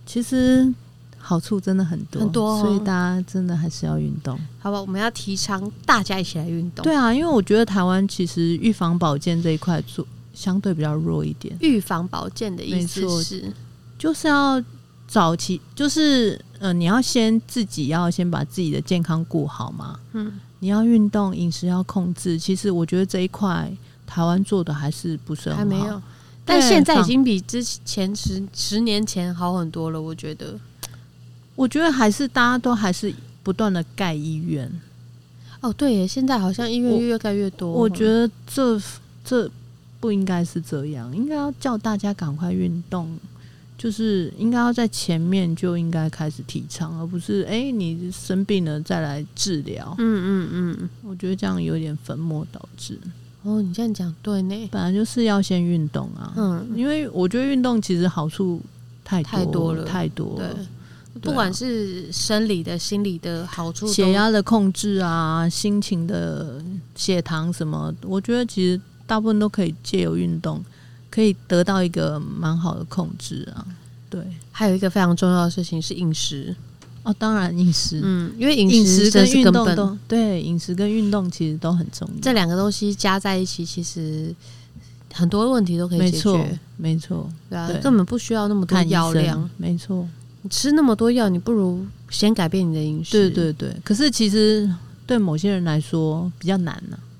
其實好處真的很多很多，哦，所以大家真的還是要運動。好吧，我們要提倡大家一起來運動。對啊，因為我覺得台灣其實預防保健這一塊做相對比較弱一點。預防保健的意思錯是，就是要早期，就是呃，你要先自己要先把自己的健康顧好嘛。嗯。你要運動，飲食要控制。其實我覺得這一塊台灣做的還是不是很好，還沒有，但現在已經比之前十十年前好很多了。我覺得，我覺得還是大家都還是不斷的蓋醫院。哦，對耶，現在好像醫院越蓋越多，我，我覺得這這不應該是這樣，應該要叫大家趕快運動。就是應該要在前面就應該開始提倡，而不是哎、欸、你生病了再來治療，嗯。嗯嗯嗯，我覺得這樣有點本末倒置。哦，你這樣講對呢，本來就是要先運動啊。嗯，嗯，因為我覺得運動其實好處太多太多了太多了，不管是生理的、心理的好處，血壓的控制啊，心情的、血糖什麼，我覺得其實大部分都可以借由運動。可以得到一個蠻好的控制啊，對。還有一個非常重要的事情是飲食哦，當然飲食，嗯，因為飲食跟運動都對，飲食跟運動其實都很重要，這兩個東西加在一起，其實很多問題都可以解決，沒錯，沒錯，對啊，對，根本不需要那麼多藥量，醫生沒錯。你吃那麼多藥，你不如先改變你的飲食，對對對。可是其實對某些人來說比較難呢、啊。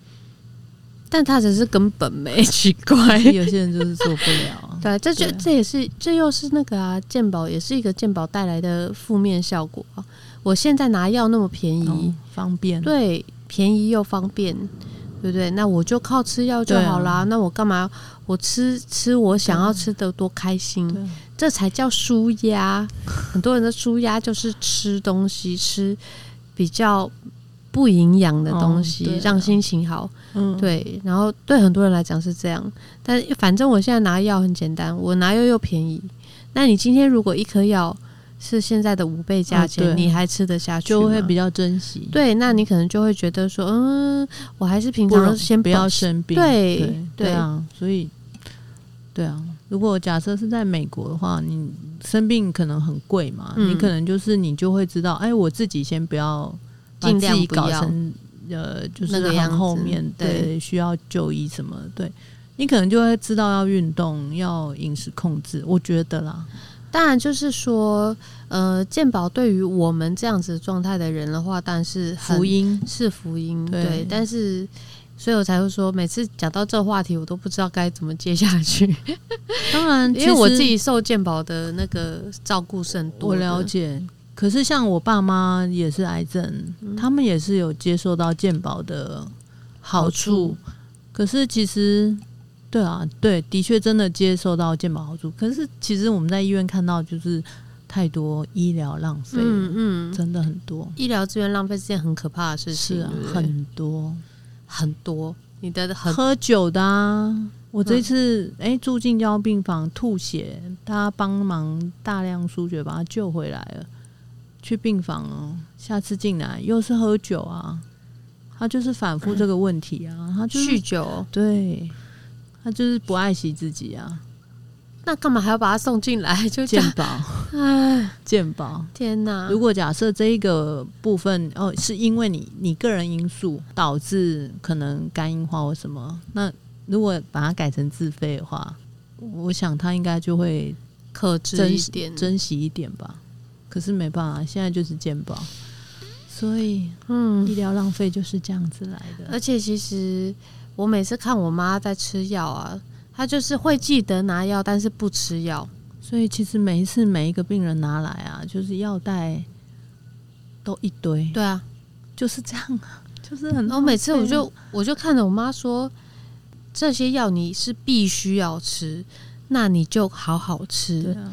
但他只是根本沒奇怪，有些人就是做不了。 對，這就對這也是這又是那個啊，健保也是一個健保帶來的負面效果。我現在拿藥那麼便宜、哦、方便，對，便宜又方便，對不對？那我就靠吃藥就好啦。啊、那我幹嘛？我吃吃我想要吃的多開心，對這才叫舒壓。很多人的舒壓就是吃東西， 吃比較。不營養的東西，嗯啊、讓心情好，嗯、對。然後對很多人來講是這樣，但反正我現在拿藥很簡單，我拿藥又便宜。那你今天如果一顆藥是現在的五倍價錢，啊啊、你還吃得下去，去，就會比較珍惜。對，那你可能就會覺得說，嗯，我還是平常先不，不要生病。對，對，對啊。對所以，對啊。如果假設是在美國的話，你生病可能很貴嘛，嗯、你可能就是你就會知道，哎，我自己先不要。盡量不要，呃，就是那個樣後面對，對需要就醫什麼，對你可能就會知道要運動，要飲食控制，我覺得啦。當然就是說，呃，健保對於我們這樣子狀態的人的話，但是是福音是福音，對，對。但是，所以我才會說，每次講到這話題，我都不知道該怎麼接下去。 當然，因為我自己受健保的那個照顧是很多，我了解。可是像我爸媽也是癌症，嗯、他們也是有接受到健保的好處。好處，可是其實，對啊，對，的確真的接受到健保好處。可是其實我們在醫院看到就是太多醫療浪費，嗯，嗯嗯，真的很多醫療資源浪費是件很可怕的事情，很多、啊、很多。很你的很喝酒的、啊，我這一次哎、嗯、住進加護病房吐血，他幫忙大量輸血把他救回來了。去病房哦，下次進來又是喝酒啊，他就是反覆這個問題啊，他酗、嗯就是，酒，對，他就是不愛惜自己啊。那幹嘛還要把他送進來就？就健保，哎唉，健保保。天哪！如果假設這一個部分哦，是因為你你個人因素導致可能肝硬化或什麼，那如果把它改成自費的話，我想他應該就會克制，嗯、一點，珍惜一點吧。可是沒辦法，現在就是健保，所以嗯，醫療浪費就是這樣子來的。而且其實我每次看我媽在吃藥啊，她就是會記得拿藥，但是不吃藥。所以其實每一次每一個病人拿來啊，就是藥袋都一堆。對啊，就是這樣啊，就是很多。每次我就我就看着我媽說：“這些藥你是必須要吃，那你就好好吃。啊”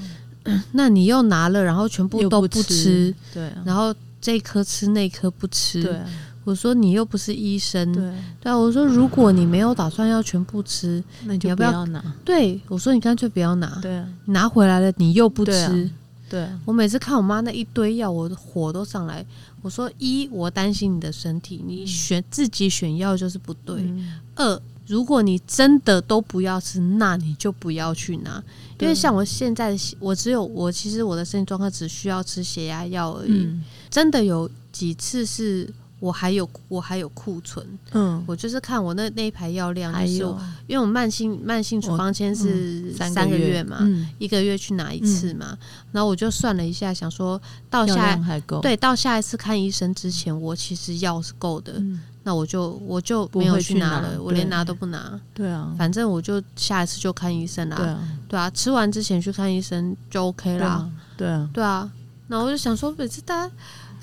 嗯、那你又拿了，然後全部都不吃，不吃對、啊，然後這顆吃那顆不吃，啊、我說你又不是醫生，對、啊對啊。我說如果你沒有打算要全部吃，那你就不要拿要不要。對，我說你乾脆不要拿，對、啊。拿回來了你又不吃，對、啊。對啊、我每次看我媽那一堆藥，我的火都上來。我說一，我擔心你的身體，你選、嗯、自己選藥就是不對。嗯、二。如果你真的都不要吃，那你就不要去拿，對因為像我現在，我只有我其實我的身體狀況只需要吃血壓藥而已。嗯、真的有幾次是我還有我還有庫存，嗯，我就是看我那那一排藥量是，還有，因為我慢性慢性處方簽是三個月嘛，三個月，嗯、一個月去拿一次嘛，嗯、然後我就算了一下，想說到下，對，到下一次看醫生之前，我其實藥是夠的。嗯那我就我就沒有去拿了，我連拿都不拿。對啊，反正我就下一次就看醫生啦。對啊，吃完之前去看醫生就 OK 啦。對啊，對啊。那我就想說，每次大家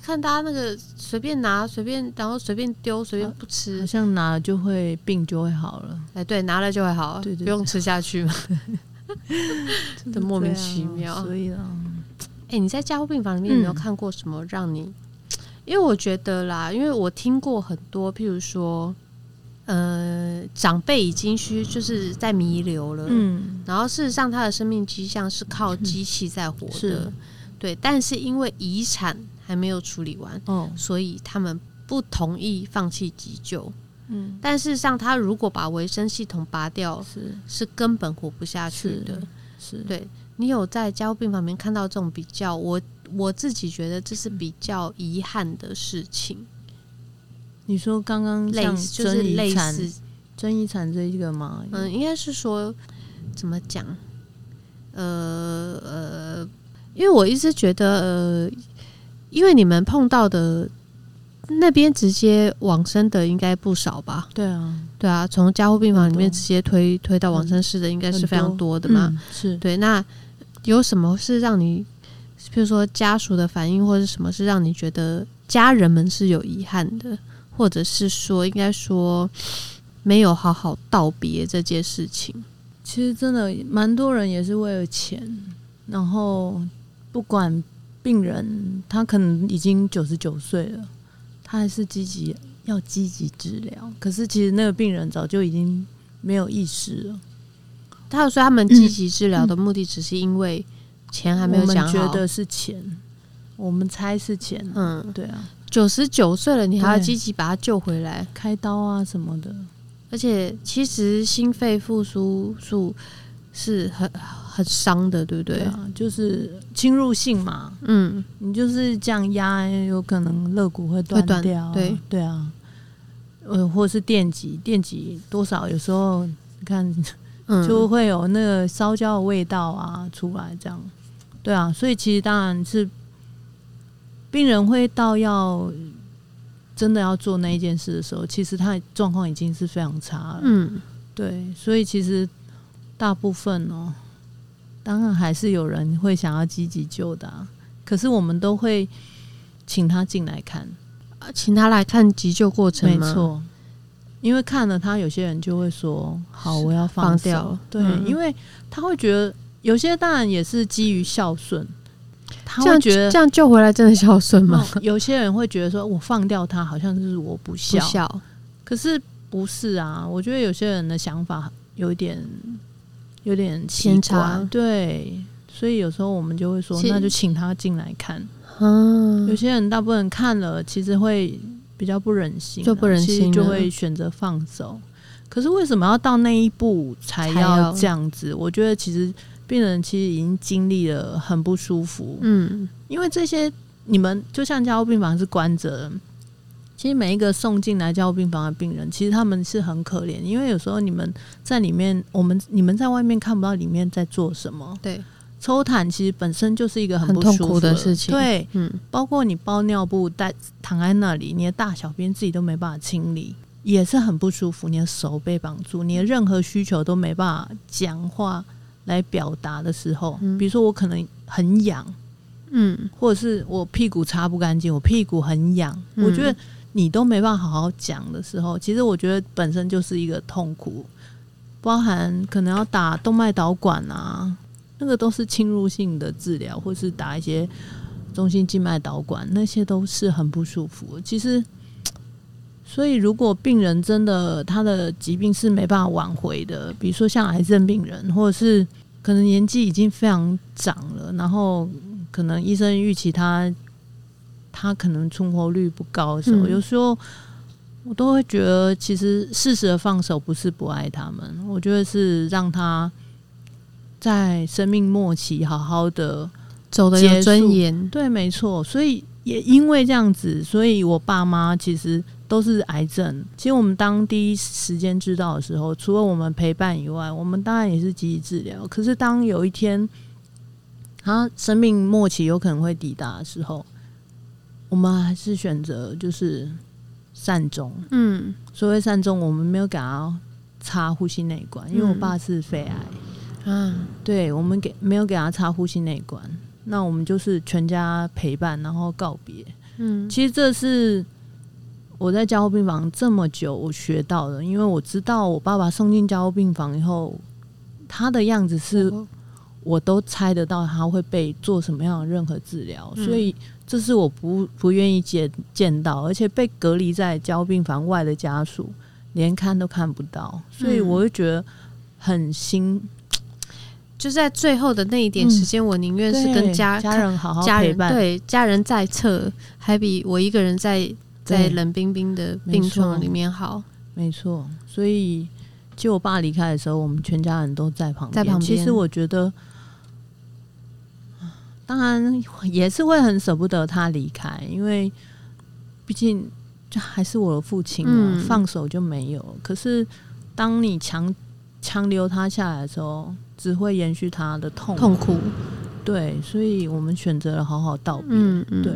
看大家那個隨便拿、隨便然後隨便丟、隨便不吃，好像拿了就會病就會好了。哎，對，拿了就會好了，不用吃下去嘛。真的莫名其妙。所以啊，哎，你在加護病房裡面有沒有看過什麼讓你？因為我覺得啦，因為我聽過很多，譬如說，呃，長輩已經需就是在彌留了，嗯，然後事實上他的生命跡象是靠機器在活的，嗯、對，但是因為遺產還沒有處理完，哦，所以他們不同意放棄急救，嗯，但事實上他如果把維生系統拔掉是是根本活不下去的，是的，是，對你有在加護病房裡面看到這種比較我。我自己覺得這是比較遺憾的事情。你說剛剛類似，類似就是類似爭遺產這一個嗎？嗯，應該是說怎麼講？呃呃，因為我一直覺得，呃，因為你們碰到的那邊直接往生的應該不少吧？對啊，對啊，從加護病房裡面直接推、嗯、推到往生室的，應該是非常多的嘛？嗯、是對。那有什麼是讓你？譬如說家屬的反應或者什麼，是讓你覺得家人們是有遺憾的，或者是說，應該說沒有好好道別這件事情。其實真的蠻多人也是為了錢，然後不管病人，他可能已經九十九歲了，他還是積極要積極治療。可是其實那個病人早就已經沒有意識了。他說他們積極治療的目的，只是因為。錢還沒有講我覺得是錢，我們猜是錢。嗯，對啊，九十九歲了，你還要積極把他救回來，開刀啊什麼的。而且其實心肺復甦術是很很傷的，對不對，對、啊？就是侵入性嘛。嗯，你就是這樣壓，有可能肋骨會斷掉、啊會。對對啊，呃、嗯，或者是電擊，電擊多少有時候你看，嗯、就會有那個燒焦的味道啊出來，這樣。對啊，所以其實當然是病人會到要真的要做那一件事的時候，其實他狀況已經是非常差了。嗯，對，所以其實大部分哦，當然還是有人會想要積極救的，啊，可是我們都會請他進來看啊，呃，請他來看急救過程，沒錯，因為看了他，有些人就會說：“好，我要放，放掉。”對，嗯，因為他會覺得。有些當然也是基於孝順，他們覺得這樣，這樣救回來真的孝順嗎？嗯？有些人會覺得說，我放掉他，好像是我不孝。不 可是不是啊？我覺得有些人的想法有點有點偏差。場對，所以有時候我們就會說，是那就請他進來看。嗯，有些人大部分看了，其實會比較不忍心、啊，就不忍心，就會選擇放手。可是為什麼要到那一步才要這樣子？要我覺得其實。病人其實已經經歷了很不舒服。嗯，因為這些你們就像加護病房是關着，其實每一個送進來加護病房的病人，其實他們是很可憐。因為有時候你們在裡面，我們你們在外面看不到裡面在做什麼。對，抽痰其實本身就是一個很不舒服的，很痛苦的事情。對，嗯，包括你包尿布，待躺在那裡，你的大小便自己都沒辦法清理，也是很不舒服。你的手被綁住，你的任何需求都沒辦法講話，來表達的時候，比如說我可能很癢，嗯，或者是我屁股擦不乾淨，我屁股很癢，嗯，我覺得你都沒辦法好好講的時候，其實我覺得本身就是一個痛苦，包含可能要打動脈導管啊，那個都是侵入性的治療，或是打一些中心靜脈導管，那些都是很不舒服。其實。所以，如果病人真的他的疾病是沒辦法挽回的，比如說像癌症病人，或者是可能年紀已經非常長了，然後可能醫生預期他他可能存活率不高的時候，嗯，有時候我都會覺得，其實適時的放手不是不愛他們，我覺得是讓他在生命末期好好的走得有尊嚴。對，沒錯。所以也因為這樣子，所以我爸媽其實。都是癌症。其實我們當第一時間知道的時候，除了我們陪伴以外，我們當然也是積極治療。可是當有一天，他、啊、生命末期有可能會抵達的時候，我們還是選擇就是善終。散，嗯，所謂善終，我們沒有給他插呼吸內管，因為我爸是肺癌。嗯、啊，對，我們給沒有給他插呼吸內管，那我們就是全家陪伴，然後告別。嗯，其實這是。我在加護病房這麼久，我學到了。因為我知道我爸爸送進加護病房以後，他的樣子是，我都猜得到他會被做什麼樣的任何治療，嗯、所以這是我不不願意見見到，而且被隔離在加護病房外的家屬連看都看不到，所以我就覺得很心，嗯、嘖就在最後的那一點時間，嗯、我寧願是跟家家人好好陪伴，家對家人在側，還比我一個人在，在冷冰冰的病床裡面，好，沒錯。所以，就我爸離開的時候，我們全家人都在旁邊。在旁邊，其實我覺得，當然也是會很捨不得他離開，因為畢竟這還是我的父親嘛、啊，嗯、放手就沒有。可是，當你強強留他下來的時候，只會延續他的痛痛苦。痛哭。對，所以我們選擇了好好道別。嗯嗯對。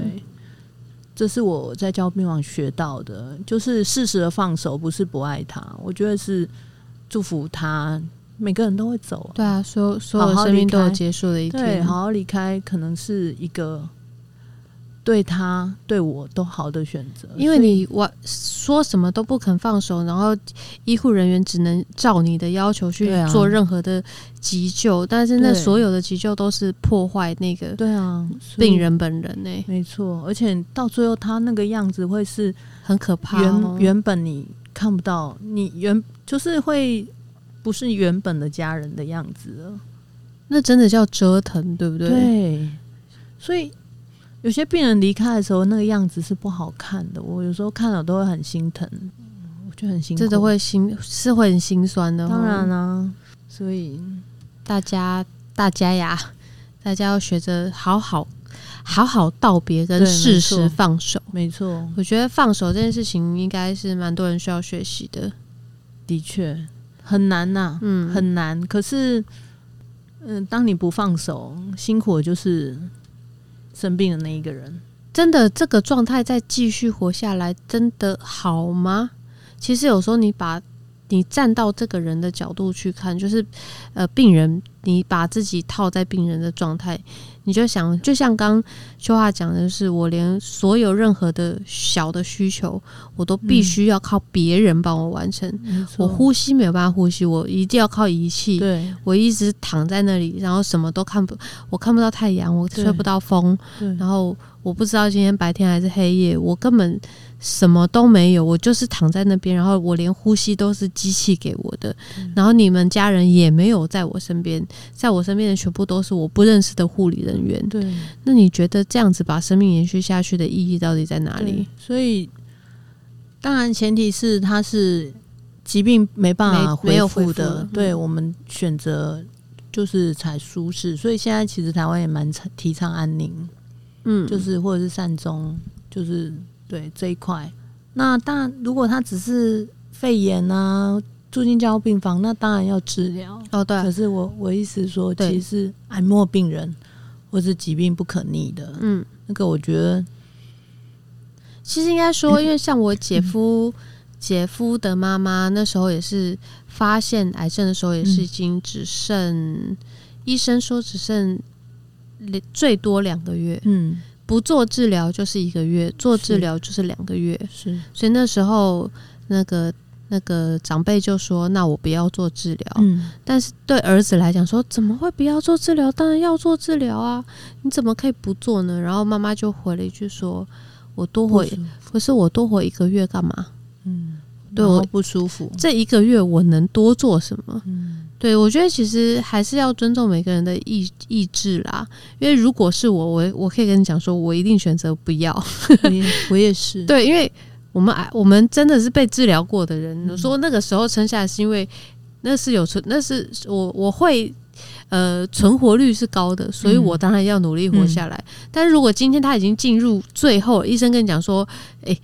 這是我在加護病房學到的，就是適時的放手，不是不愛他。我覺得是祝福他，每個人都會走啊。對啊，所所有生命都有結束的一天。對，好好離開，可能是一個。對他對我都好的選擇，因為你我說什麼都不肯放手，然後醫護人員只能照你的要求去做任何的急救，啊、但是那所有的急救都是破壞那個對啊病人本人呢、欸？啊、沒錯，而且到最後他那個樣子會是很可怕、哦，原原本你看不到，你原就是會不是原本的家人的樣子了，那真的叫折騰，對不對？對，所以。有些病人離開的時候，那個樣子是不好看的。我有時候看了都會很心疼，我覺得很心疼，這都會心是會很心酸的。當然啦、啊。所以大家大家呀，大家要學着好好好好道別，跟適時放手。沒錯，我覺得放手這件事情應該是蠻多人需要學習的。的確很難吶、啊，嗯，很難。可是，嗯、呃，當你不放手，辛苦的就是。生病的那一個人，真的這個狀態再繼續活下來，真的好嗎？其實有時候你把，你站到這個人的角度去看，就是，呃，病人，你把自己套在病人的狀態。你就想，就像剛秋樺講的是，是我連所有任何的小的需求，我都必須要靠別人幫我完成。嗯、我呼吸沒有辦法呼吸，我一定要靠儀器。對我一直躺在那裡，然後什麼都看不，我看不到太陽，我吹不到風，對然後我不知道今天白天還是黑夜，我根本。什麼都沒有，我就是躺在那邊，然後我連呼吸都是機器給我的，對然後你們家人也沒有在我身邊，在我身邊的全部都是我不認識的護理人員。對，那你覺得這樣子把生命延續下去的意義到底在哪裡？所以，當然前提是他是疾病沒辦法恢復的，復，嗯，對我們選擇就是採舒適。所以現在其實台灣也蠻提倡安寧，嗯，就是或者是善終，就是。對這一塊，那當然，如果他只是肺炎啊，住進加護病房，那當然要治療哦。對、啊。可是我我意思說，其實是癌末病人，對或是疾病不可逆的，嗯，那個我覺得，其實應該說，因為像我姐夫， 姐夫的媽媽那時候也是發現癌症的時候，也是已經只剩，嗯、醫生說只剩最多兩個月，嗯。不做治療就是一個月，做治療就是兩個月。是，是所以那時候那個那個長輩就說：“那我不要做治療。”嗯，但是對兒子來講說：“怎麼會不要做治療？當然要做治療啊！你怎麼可以不做呢？”然後媽媽就回了一句說：“我多活，可是我多活一個月幹嘛？嗯，對，我不舒服。這一個月我能多做什麼？嗯。”對，我覺得其實還是要尊重每個人的意意志啦。因為如果是我，我我可以跟你講說，我一定選擇不要。 我也，我也是。對，因為我們癌，我們真的是被治療過的人。嗯、說那個時候撐下來，是因為那是有存，那是我我會呃存活率是高的，所以我當然要努力活下來。嗯嗯、但是如果今天他已經進入最後，醫生跟你講說，誒。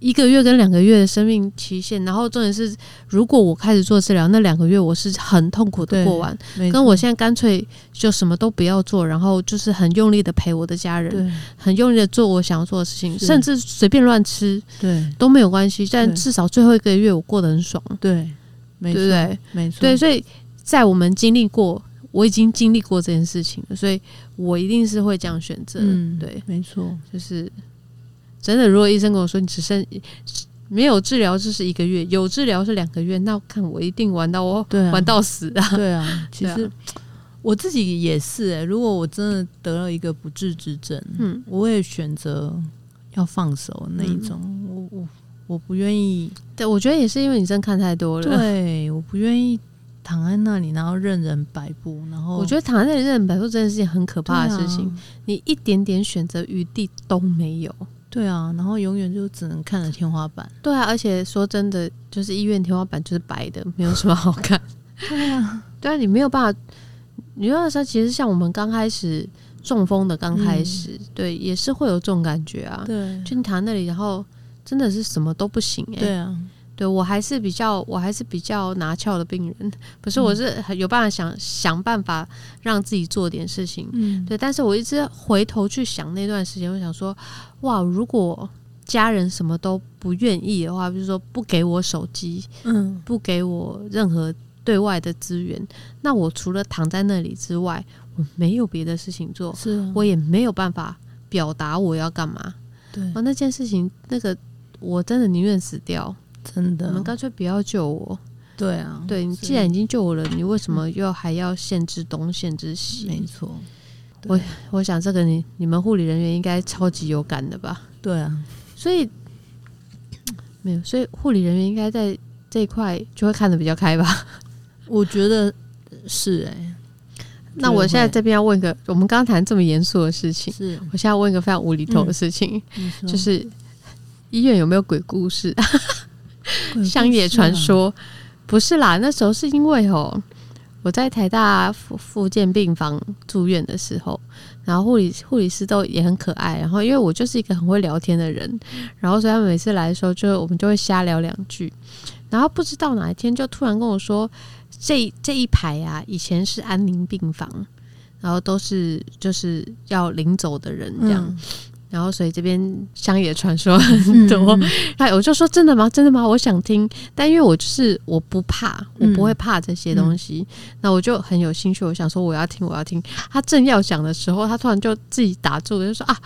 一個月跟兩個月的生命期限，然後重點是，如果我開始做治療，那兩個月我是很痛苦的過完，跟我現在乾脆就什麼都不要做，然後就是很用力的陪我的家人，對很用力的做我想要做的事情，是甚至隨便亂吃，對，都沒有關係。但至少最後一個月，我過得很爽。對，對，沒錯，對對沒錯錯，對。所以在我們經歷過，我已經經歷過這件事情了，所以我一定是會這樣選擇，嗯、對，沒錯錯，就是。真的，如果醫生跟我說，你只剩沒有治療就是一個月，有治療是兩個月，那我看我一定玩到我對、啊、玩到死啊！對啊，其實、啊、我自己也是、欸，哎，如果我真的得了一個不治之症，嗯，我會選擇要放手那一種，嗯、我我我不願意。對，我覺得也是因為你真看太多了。對，我不願意躺在那裡，然後任人擺布。然後我覺得躺在那裡任人擺布，真的是件很可怕的事情，啊、你一點點選擇餘地都沒有。對啊，然後永遠就只能看着天花板，嗯。對啊，而且說真的，就是醫院天花板就是白的，沒有什麼好看。 對啊，對啊，你沒有辦法。你那時候其實像我們剛開始中風的，剛開始、嗯、對，也是會有這種感覺啊。對，就你躺那裡，然後真的是什麼都不行哎，欸。對啊。對，我還是比較，我還是比較拿翹的病人。不是，我是有辦法想、嗯、想辦法讓自己做點事情。嗯、對。但是我一直回頭去想那段時間，我想說，哇，如果家人什麼都不願意的話，比如說不給我手機，嗯、不給我任何對外的資源，那我除了躺在那裡之外，我沒有別的事情做。啊、我也沒有辦法表達我要幹嘛。對，那件事情，那個我真的寧願死掉。真的，你們乾脆不要救我。對啊，對，你既然已經救我了，你為什麼又還要限制東限制西？沒錯，我我想這個你你們護理人員應該超級有感的吧？對啊，所以沒有，所以護理人員應該在這一塊就會看得比較開吧？我覺得是哎。那我現在這邊要問一個，我們剛剛談這麼嚴肅的事情，是，我現在問一個非常無厘頭的事情，就是醫院有沒有鬼故事？鄉、啊、野傳說，不是啦，那時候是因為哦，我在台大附附建病房住院的時候，然後護理護理師都也很可愛，然後因為我就是一個很會聊天的人，然後所以他們每次來的時候就我們就會瞎聊兩句，然後不知道哪一天就突然跟我說，這一這一排啊，以前是安寧病房，然後都是就是要臨走的人這樣。嗯然後，所以這邊鄉野傳說很多。嗯嗯、哎，我就說真的嗎？真的嗎？我想聽。但因為我就是我不怕，我不會怕這些東西。那、嗯嗯、我就很有興趣。我想說我要聽，我要聽。他正要講的時候，他突然就自己打住，就說啊，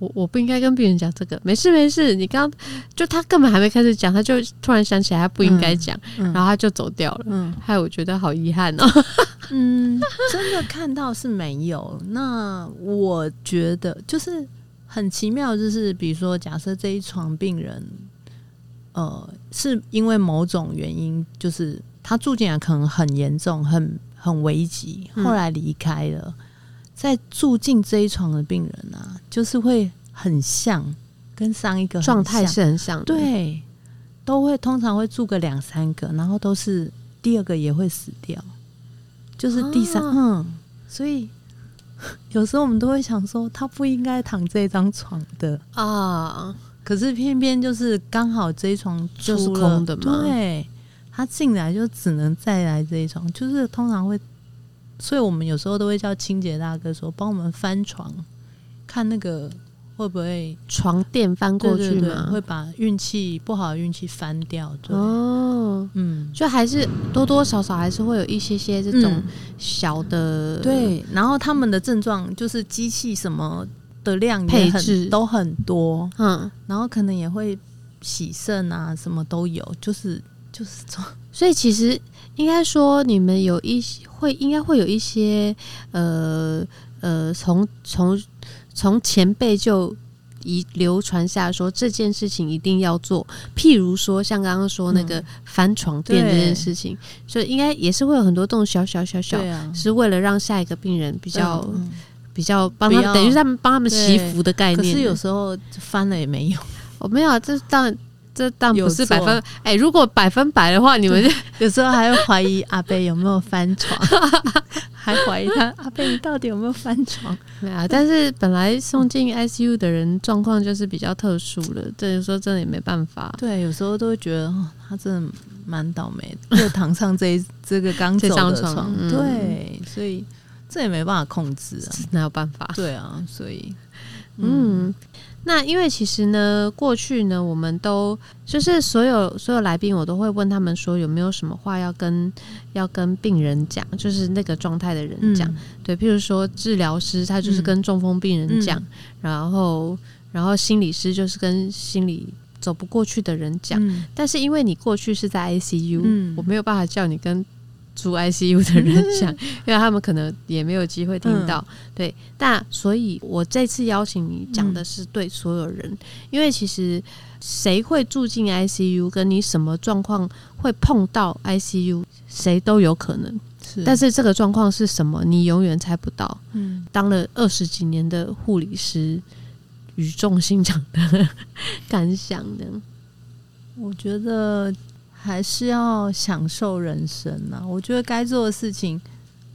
我我不應該跟病人講這個。沒事沒事，你剛剛就他根本還沒開始講，他就突然想起來他不應該講，嗯嗯、然後他就走掉了。嗯，害、哎、我覺得好遺憾哦。 嗯，真的看到是沒有。那我覺得就是。很奇妙，就是比如說，假設這一床病人，呃，是因為某種原因，就是他住進來可能很嚴重、很很危急，後來離開了，嗯、在住進這一床的病人啊，就是會很像跟上一個狀態是很像，對，都會通常會住個兩三個，然後都是第二個也會死掉，就是第三，啊、嗯，所以。有時候我們都會想說，他不應該躺這張床的啊，可是偏偏就是剛好這一床就是空出的嘛，對，他進來就只能再來這一床，就是通常會，所以我們有時候都會叫清潔大哥說，幫我們翻床，看那個。會不會對對對床墊翻過去嘛？會把運氣不好的運氣翻掉。哦，嗯，就還是多多少少還是會有一些些這種小的。嗯、對，然後他們的症狀就是機器什麼的量配置都很多。嗯，然後可能也會洗腎啊什麼都有，就是就是這種，所以其實應該說你們有一些會應該會有一些呃呃從從。從前輩就遺流傳下說這件事情一定要做，譬如說像剛剛說那個翻床墊這件事情，嗯、所以應該也是會有很多這種小小小小，啊、是為了讓下一個病人比較、啊、比較幫他，要等於他們幫他們祈福的概念。可是有時候翻了也沒用，我、哦、沒有，這是當然。這但不是百分哎，做、欸，如果百分百的話，你們就對 有時候還會懷疑阿伯有沒有翻床， 還懷疑他 阿伯到底有沒有翻床。沒啊，但是本來送進 ICU 的人狀況就是比較特殊了，等於說這也沒辦法。對，有時候都會覺得、哦、他真的蠻倒霉的，就躺上這一這個剛走的床，床嗯、對，所以這也沒辦法控制啊，哪有辦法？對啊，所以嗯。嗯那因為其實呢，過去呢，我們都就是所有所有來賓，我都會問他們說，有沒有什麼話要跟要跟病人講，就是那個狀態的人講。嗯、對，譬如說治療師，他就是跟中風病人講；嗯、然後，然後心理師就是跟心理走不過去的人講。嗯、但是因為你過去是在 ICU，嗯、我沒有辦法叫你跟。住 ICU 的人想， 因為他們可能也沒有機會聽到。嗯、對，那所以我這次邀請你講的是對所有人，嗯、因為其實誰會住進 ICU，跟你什麼狀況會碰到 ICU，誰都有可能。是但是這個狀況是什麼，你永遠猜不到。嗯，當了二十幾年的護理師，語重心長的 感想呢？我覺得。還是要享受人生呢。我覺得該做的事情，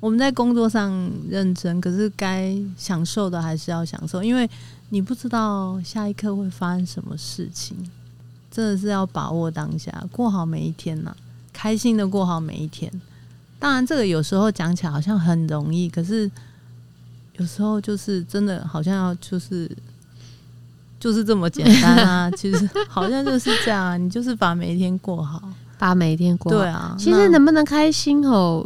我們在工作上認真，可是該享受的還是要享受，因為你不知道下一刻會發生什麼事情。真的是要把握當下，過好每一天吶，開心的過好每一天。當然，這個有時候講起來好像很容易，可是有時候就是真的好像要就是就是這麼簡單啊！ 其實好像就是這樣啊，你就是把每一天過好。把每一天過好。對啊、其實能不能開心哦？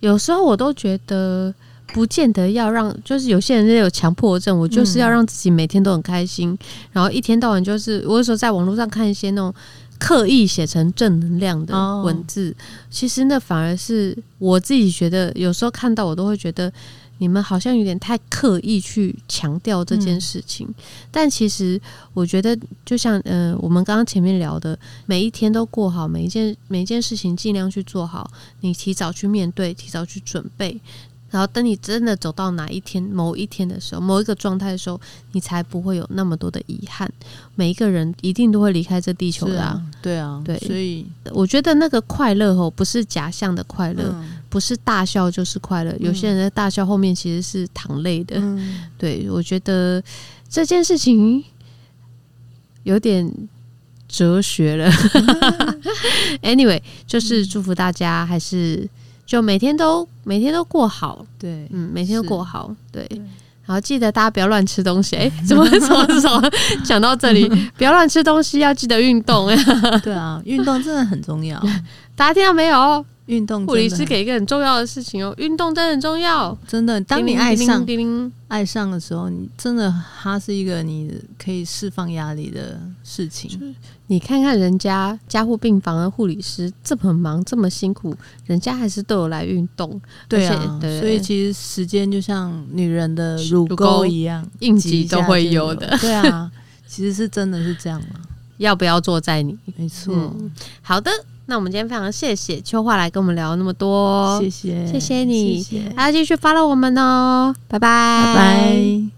那、有時候我都覺得不見得要讓，就是有些人有強迫症，我就是要讓自己每天都很開心，嗯啊、然後一天到晚就是，我有時候在網絡上看一些那種刻意寫成正能量的文字，哦、其實那反而是我自己覺得，有時候看到我都會覺得。你們好像有點太刻意去強調這件事情，嗯、但其實我覺得，就像呃，我們剛剛前面聊的，每一天都過好，每一件每一件事情盡量去做好，你提早去面對，提早去準備，然後等你真的走到哪一天，某一天的時候，某一個狀態的時候，你才不會有那麼多的遺憾。每一個人一定都會離開這地球的，啊啊，對啊，對。所以我覺得那個快樂哦，不是假象的快樂。嗯不是大笑就是快樂，有些人在大笑後面其實是淌淚的。嗯、對，我覺得這件事情有點哲學了。嗯、 Anyway，就是祝福大家，還是就每天都每天都過好。對，嗯，每天都過好。是對，好對，然後記得大家不要亂吃東西。哎、欸，怎麼怎麼怎麼講到這裡？嗯、不要亂吃東西，要記得運動。 對啊，運動真的很重要。 大家聽到沒有？運動護理師給一個很重要的事情哦，運動真的很重要，真的。當你愛上、叮叮叮叮叮愛上的時候，你真的，它是一個你可以釋放壓力的事情。你看看人家加護病房的護理師這麼忙這麼辛苦，人家還是都有來運動。對啊，對所以其實時間就像女人的乳溝一樣，應急都會有的。 對啊，其實是真的是這樣嗎？要不要坐在你？沒錯錯、嗯，好的。那我們今天非常謝謝秋樺來跟我們聊那麼多。哦，謝謝，謝謝你，謝謝，還要繼續 follow 我們哦，拜拜，拜拜。